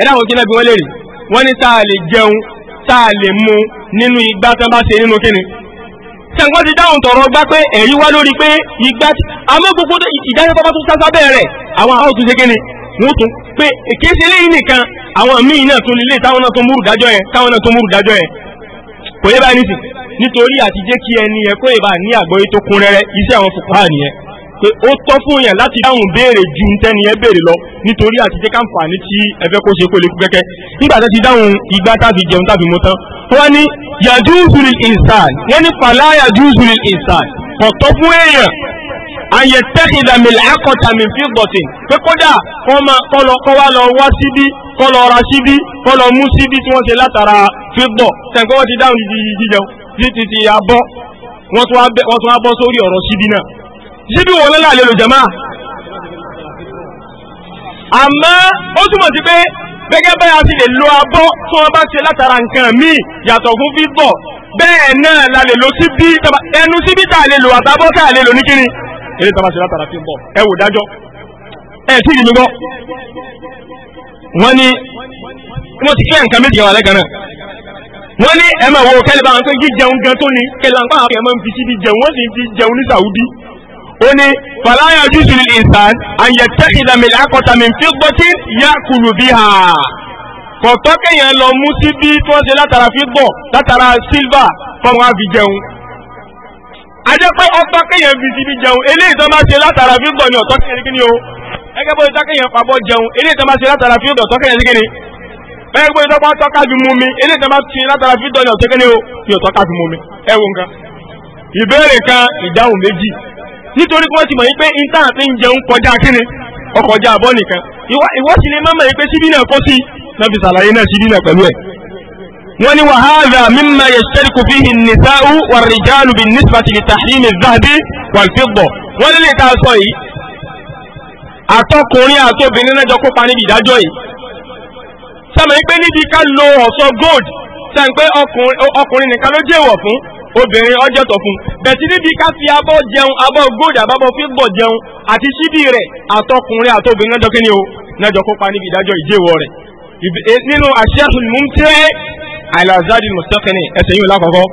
ẹ dáhùn kí náà bí wọ́n lè rí wọ́n ní tá a lè jẹun tá a lè mu nínú igbá tán bá ṣe nínú kíni tẹ̀gbọ́n ti dáhùn tọ̀rọ̀ gbá pé ẹ̀rí wá lórí pé igbá àmọ́ gbogbo ìdájọ́ tó bá tún sásábẹ́ rẹ̀ àwọn àwọn tún ṣe kíni wọ́n tún pé kéèsì eléyìí nìkan àwọn míì náà tún lè táwọn náà tó múrù dájọ́ yẹn táwọn náà tó múrù dájọ́ yẹn kò yé báyìí nìsín nítorí àti jẹ́ kí ẹni yẹn kó ìbá ní àgbọ́yé tó kún rẹ́rẹ́ iṣẹ́ àwọn fòkó àníyẹn pé ó tọ́ fún yẹn láti dáhùn béèrè ju ntẹ́ni yẹn béèrè lọ nítorí àti jẹ́ káǹfààní tí ẹ fẹ́ kó ṣe kó lè kú kẹ́kẹ́ nígbà tó ti dáhùn igba tàbí jẹun tàbí mu tán wọ́n ní yàjú zuli ìsàn wọ́n ní fàlà yàjú ìsàn kò tọ́ fún èèyàn àyè tẹ́kìdà mi làákọ̀tà mi fi gbọ̀tì pé kódà kọ́ wá lọ wá síbí kọ́ lọ ra síbí kọ́ lọ mú síbí tí wọ́n ṣe látara fi gbọ̀ tẹ̀kọ́ wọ́n ti dáhùn jíjẹ ní ti ti abọ́ wọ́n tún wá bọ́ sórí ọ̀rọ̀ síbí náà síbí wọn lọ́la àlejò jẹ̀má àmọ́ ó túmọ̀ sí pé gẹ́gẹ́ báyà ti lè lo abọ́ tí wọ́n bá ṣe látara nǹkan míì yàtọ̀ fún fífọ̀ bẹ́ẹ̀ náà la lè lo síbí ẹnu síbí tá a lè lo àtàbọ́ tá a lè lo ní kíni eré tí a bá ṣe látara fi ń bọ̀ ẹ wò dájọ́ ẹ tí ìdìbò gbọ́ wọ́n mo ti fẹ́ nǹkan méjì wà lẹ́gàn náà wọ́n ní ẹ máa wo kẹ́lẹ́ bá wọn pé jíjẹun gan tó ní kẹ́lẹ́ àwọn àwọn ẹ̀mọ́ fi síbi jẹun wọ́n sì fi jẹun ní Saudi ó ní falaya jùsùn ní ìsàn àyẹ̀tẹ́ ìdàmìlẹ̀ akọ̀tàmì fi gbọ́tí yá kùlù bí ha kọ̀tọ́ kéèyàn lọ mú síbi tí wọ́n ṣe látara fi bọ̀ látara silva fọwọ́n á ajẹ́pẹ́ ọ̀tọ́ kéèyàn fi síbi jẹun eléyìí tó máa ṣe látara fi ń gbọ̀ ní ọ̀tọ́ kéèyàn kí ni o ẹgbẹ́ bóyá kéèyàn pàbọ̀ jẹun eléyìí tó máa ṣe látara fi ń gbọ̀ ọ̀tọ́ kéèyàn kí ni bẹ́ẹ̀ bóyá tó máa tọ́ka fi mú mi eléyìí tó máa ṣe látara fi ń gbọ̀ ní ọ̀tọ́ kéèyàn o fi ọ̀tọ́ka fi mú mi ẹ wo nǹkan. ìbéèrè kan ìdáhùn méjì nítorí pé wọ́n ti mọ̀ pé intan ti ń jẹun kọjá kíni wọ́n ní wa hadha mimma yashtariku fihi an-nisa'u war-rijalu bin-nisbati li tahrimi adh-dhahabi wal-fidda wọ́n lè ta sọ yìí àtọkùnrin àtobìnrin náà jọ kópa níbi ìdájọ́ yìí sọmọ yìí pé níbi ká lo ọ̀ṣọ́ gold sẹ́n pé ọkùnrin nìkan ló jẹ́wọ̀ fún obìnrin ọjọ́tọ̀ fún bẹ̀tí níbi ká fi abọ́ jẹun abọ́ gold àbábọ̀ fígbọ̀ jẹun àti síbí rẹ̀ àtọkùnrin àìlàzádì mùsítọ́kẹ́ni ẹsẹ̀ yìí lákọ̀ọ́kọ́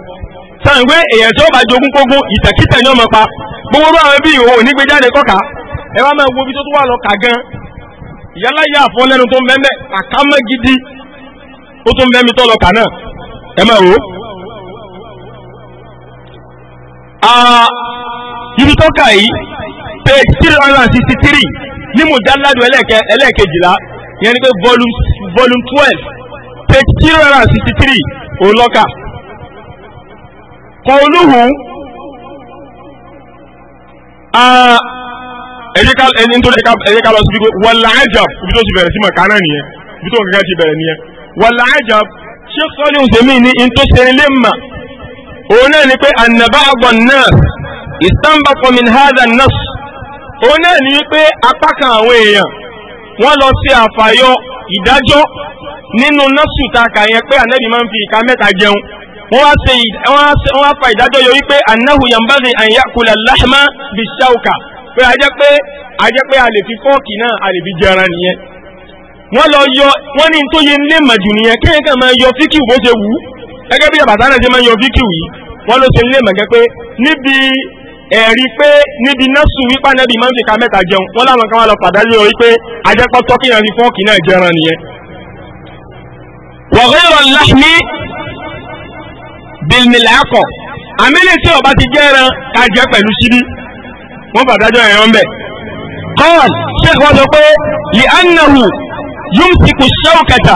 sáà pé èèyàn tí ó bá jogún kógún ìtẹ̀kítẹ̀ ní ọmọ pa gbogbo bá wọn bí òun ní gbéjáde kọ́ka ẹ wá máa wo ibi tó tún wà lọ kà gan ìyálà yà fọ́ lẹ́nu tó ń bẹ́ẹ̀ bẹ́ẹ̀ àkámọ́ gidi ó tún bẹ́ẹ̀ mi tọ́ lọ kà náà ẹ máa wò ó. ibi tó kà yìí page three hundred and sixty three ní mùjáládùn ẹlẹ́ẹ̀kejìlá ìyẹn ni pé volume twelve page three hundred and sixty three olọ́kà ah, kọlùhù ẹni tó ẹ̀yẹ ká lọ sí wàlá ajab ibi tó ti bẹ̀rẹ̀ sí mọ̀ kánà nìyẹn ibi tó kankan ti bẹ̀rẹ̀ nìyẹn wàlá ajab ṣé sọ́ni òsèmí ni in tó òun náà ni pé ànàbà àgbọ̀n náà ìsàmbàkọ̀ min hadha nas òun náà ni pé apá kan àwọn èèyàn wọ́n lọ sí àfàyọ ìdájọ́ nínú nọ́ọ̀sù ta kà yẹn pé ànábì máa ń fi ìka mẹ́ta jẹun wọ́n wá fa ìdájọ́ yọ wípé annahu yambadi an yakula lahma bishauka pé a jẹ́ pé a jẹ́ pé a lè fi fọ́ọ̀kì náà a lè fi jẹran nìyẹn wọ́n lọ yọ wọ́n ní tó yẹ nílé màjù nìyẹn kéèyàn máa yọ fíkìw bó ṣe wù gẹ́gẹ́ bí àbàtà náà ṣe máa yọ fíkìw yìí wọ́n ló ṣe nílé màgẹ́ pé níbi ẹ̀rí pé níbi nọ́ọ̀sù wípé anábì máa ń fi ka mẹ́ta jẹun wọ́n láwọn kan wá lọ pàdánù lórí pé ajẹ́pọ̀ tọ́kì náà fi fọ́ọ̀kì náà jẹran nìyẹn. wọ̀gẹ́rọ̀ láhmi bilmilaakọ̀ àmẹ́lẹ̀ tí ọba ti jẹ́ran ká jẹ́ pẹ̀lú síbí wọ́n pàdájọ́ ẹ̀rọ ń bẹ̀. kọ́ọ̀n sheikh wọ́n sọ pé li annahu yumsiku shawkata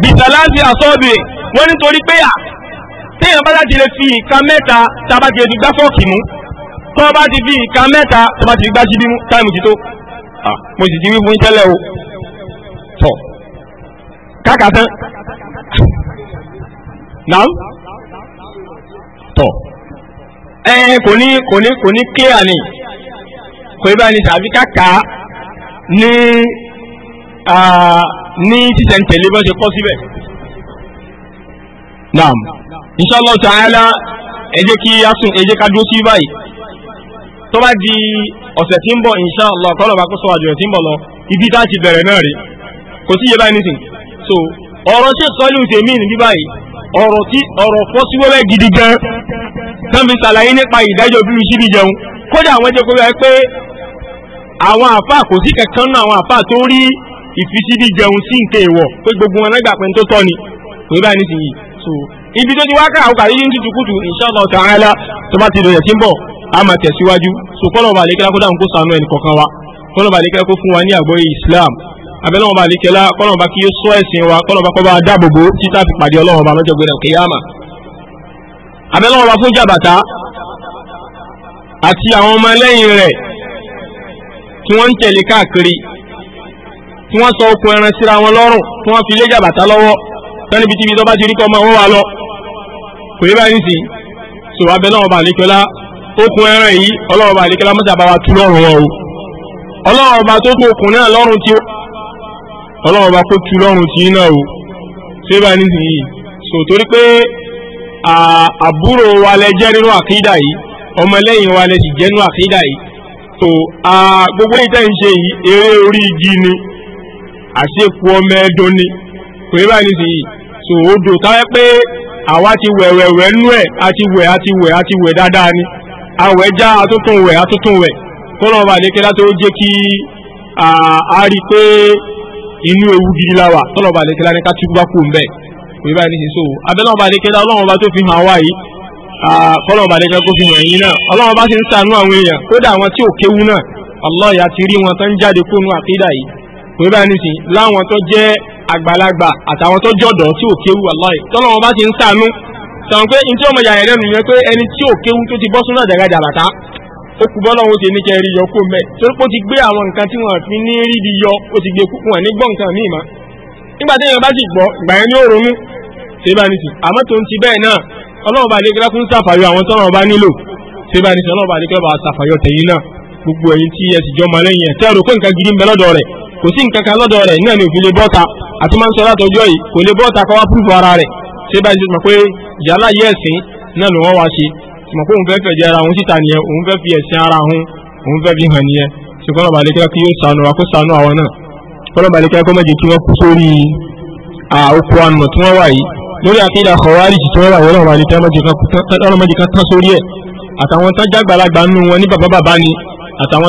bisalasi asọ́bi wọ́n nítorí pé à téèyàn bá láti lè fi nǹkan mẹ́ta tá a bá ti lè fi tó bá ti fi nǹkan mẹ́ta tó bá ti fi gbá síbí mú táìmù ti tó mo sì ti wí fún tẹ́lẹ̀ o tọ̀ káàkà tán nàám tọ̀ ẹ kò ní kò ní kò ní clear ni kò ní báyìí tàbí káàkà ní ní sísẹ̀ntẹ̀lé bọ́n ṣe kọ́ síbẹ̀ nàám inshallah ta'ala ẹ jẹ́ kí a sùn ẹ jẹ́ ká dúró sí báyìí tó bá di ọ̀sẹ̀ tí ń bọ̀ insha Allah kọ́lọ̀ bá kó sọ àjọyọ̀ tí ń bọ̀ lọ ibi tá a ti bẹ̀rẹ̀ náà rí kò sí yẹ báyìí nísìn so ọ̀rọ̀ tí sọ́lù tèmi níbí báyìí ọ̀rọ̀ tí ọ̀rọ̀ fọ́síwẹ́wẹ́ gidi gan tán fi ṣàlàyé nípa ìdájọ́ bí iṣẹ́ bí jẹun kódà àwọn jẹ́ kóbẹ́ pé àwọn àfáà kò sí kankan náà àwọn àfáà tó rí ìfisí bí jẹun sí nǹkan ìwọ̀ pé gbogbo wọn lẹ́gbàá pé tọ́ ni pé báyìí nísìnyí so ibi tó ti wá káàkiri ní tutukutu insha Allah ta'ala tó bá ti lòyẹ̀ tí ń bọ̀ a máa tẹ̀síwájú so kọ́lọ̀ bá àlékẹ́lá kó dáhùn kó sànú ẹnì kọ̀ọ̀kan wa kọ́lọ̀ bá àlékẹ́lá kó fún wa ní àgbọ́yé Islam abẹ́lẹ́ wọn bá àlékẹ́lá kọ́lọ̀ bá kí yóò sọ ẹ̀sìn wa kọ́lọ̀ bá kọ́ bá dáàbòbò títà fi pàdé Ọlọ́run bá lọ́jọ́ gbé kíyámà abẹ́lẹ́ wọn bá fún jàbàtà àti àwọn ọmọ ẹlẹ́yìn rẹ̀ tí wọ́n ń tẹ̀lé káàkiri tí wọ́n sọ okùn ẹran síra wọn lọ́rùn tí wọ́n fi lé jàbàtà lọ́wọ́ tẹ́nibitìbi tó bá ti rí kọ́ ọmọ wọn wà lọ kò yẹ báyìí nìsín so abẹ́lẹ́ wọn bá àlékẹ́lá okùn ẹran yìí ọlọ́wọ́ àdékẹ́lá mọ́tà bá wa tú lọ́rùn wọn o ọlọ́wọ́ bá tó kó okùn náà lọ́rùn tí ọlọ́wọ́ bá kó tú lọ́rùn tí náà o ṣé bá ní sìn yìí so torí pé àbúrò wa lẹ jẹ́ nínú àkídà yìí ọmọlẹ́yìn wa lẹ sì jẹ́ nínú àkídà yìí so gbogbo ìtẹ́ ń ṣe yìí eré orí igi ni àṣekù ọmọ ẹdun ni kò yẹ báyìí nìsín yìí so odò táwọn pé àwa ti wẹ̀wẹ̀wẹ̀ nú ẹ̀ àti wẹ̀ àti wẹ̀ àti wẹ̀ dáadáa ni àwẹ̀ já atúntún wẹ̀ atúntún wẹ̀ kọ́lọ́wọ́ bá lékelá tó jẹ́ kí a rí pé inú ewu gidi la wà tọ́lọ́wọ́ bá lékelá ní ká túbú bá kú ń bẹ̀ kò yí báyìí ní sísò abẹ́lọ́wọ́ bá lékelá ọlọ́wọ́ bá tó fi hàn wá yìí kọ́lọ́wọ́ bá lékelá kó fi hàn yín náà ọlọ́wọ́ ti ń sànú àwọn èèyàn kódà àwọn tí ò kéwu náà Allah ya ti rí wọn tán jáde kónú àkídà yìí kò bá ní sìn láwọn tó jẹ́ àgbàlagbà àtàwọn tó jọ̀dọ̀ tí ò kéwu Allah tọ́lọ́wọ́n bá ti ń sọ̀rọ̀ pé ní tí ọmọ yàrá ẹ̀rẹ́ nìyẹn pé ẹni tí ò kéwu tó ti bọ́ sínú àjàgà jàbàtà ó kú bọ́lá òun ti ní kẹrin yọ kó mẹ́ torí pé ó ti gbé àwọn nǹkan tí wọ́n fi ní rí di yọ ó ti gbé kúkú wọn ní gbọ́ nǹkan míì mọ́ nígbà tí èèyàn bá ti gbọ́ ìgbà yẹn ni ó ronú sebanisi àmọ́ tó ń ti bẹ́ẹ̀ náà ọlọ́run bá lékelá kún sàfàyọ àwọn tọ́lọ́run bá nílò sebanisi ọlọ́run bá lékelá bá sàfàyọ tẹ̀yìn náà gbogbo ẹ̀yin tí ẹ sì jọ mọ lẹ́yìn ẹ̀ tẹ́rù pé nǹkan gidi ń bẹ lọ́dọ̀ rẹ̀ kò sí nǹkan kan lọ́dọ̀ rẹ̀ náà ni òfin lè bọ́ta àti máa ṣé báyìí ṣe mọ̀ pé yàrá yẹ ẹ̀sìn náà ló wọ́n wá ṣe mọ̀ pé òun fẹ́ fẹ̀jẹ̀ ara òun síta nìyẹn òun fẹ́ fi ẹ̀sìn ara òun òun fẹ́ fi hàn nìyẹn ṣùgbọ́n ọba àlekẹ́ kí yóò sànù àkó sànù àwọn náà kọ́lọ́ ọba àlekẹ́ kó má jẹ́ kí wọ́n kú sórí àókò àná tí wọ́n wà yìí lórí àkídà kọ̀wárì tí wọ́n wà yìí ọlọ́run àlekẹ́ ọlọ́mọdé kan tán sórí ẹ̀ àtàwọn tán jágbàlagbà àtàwọn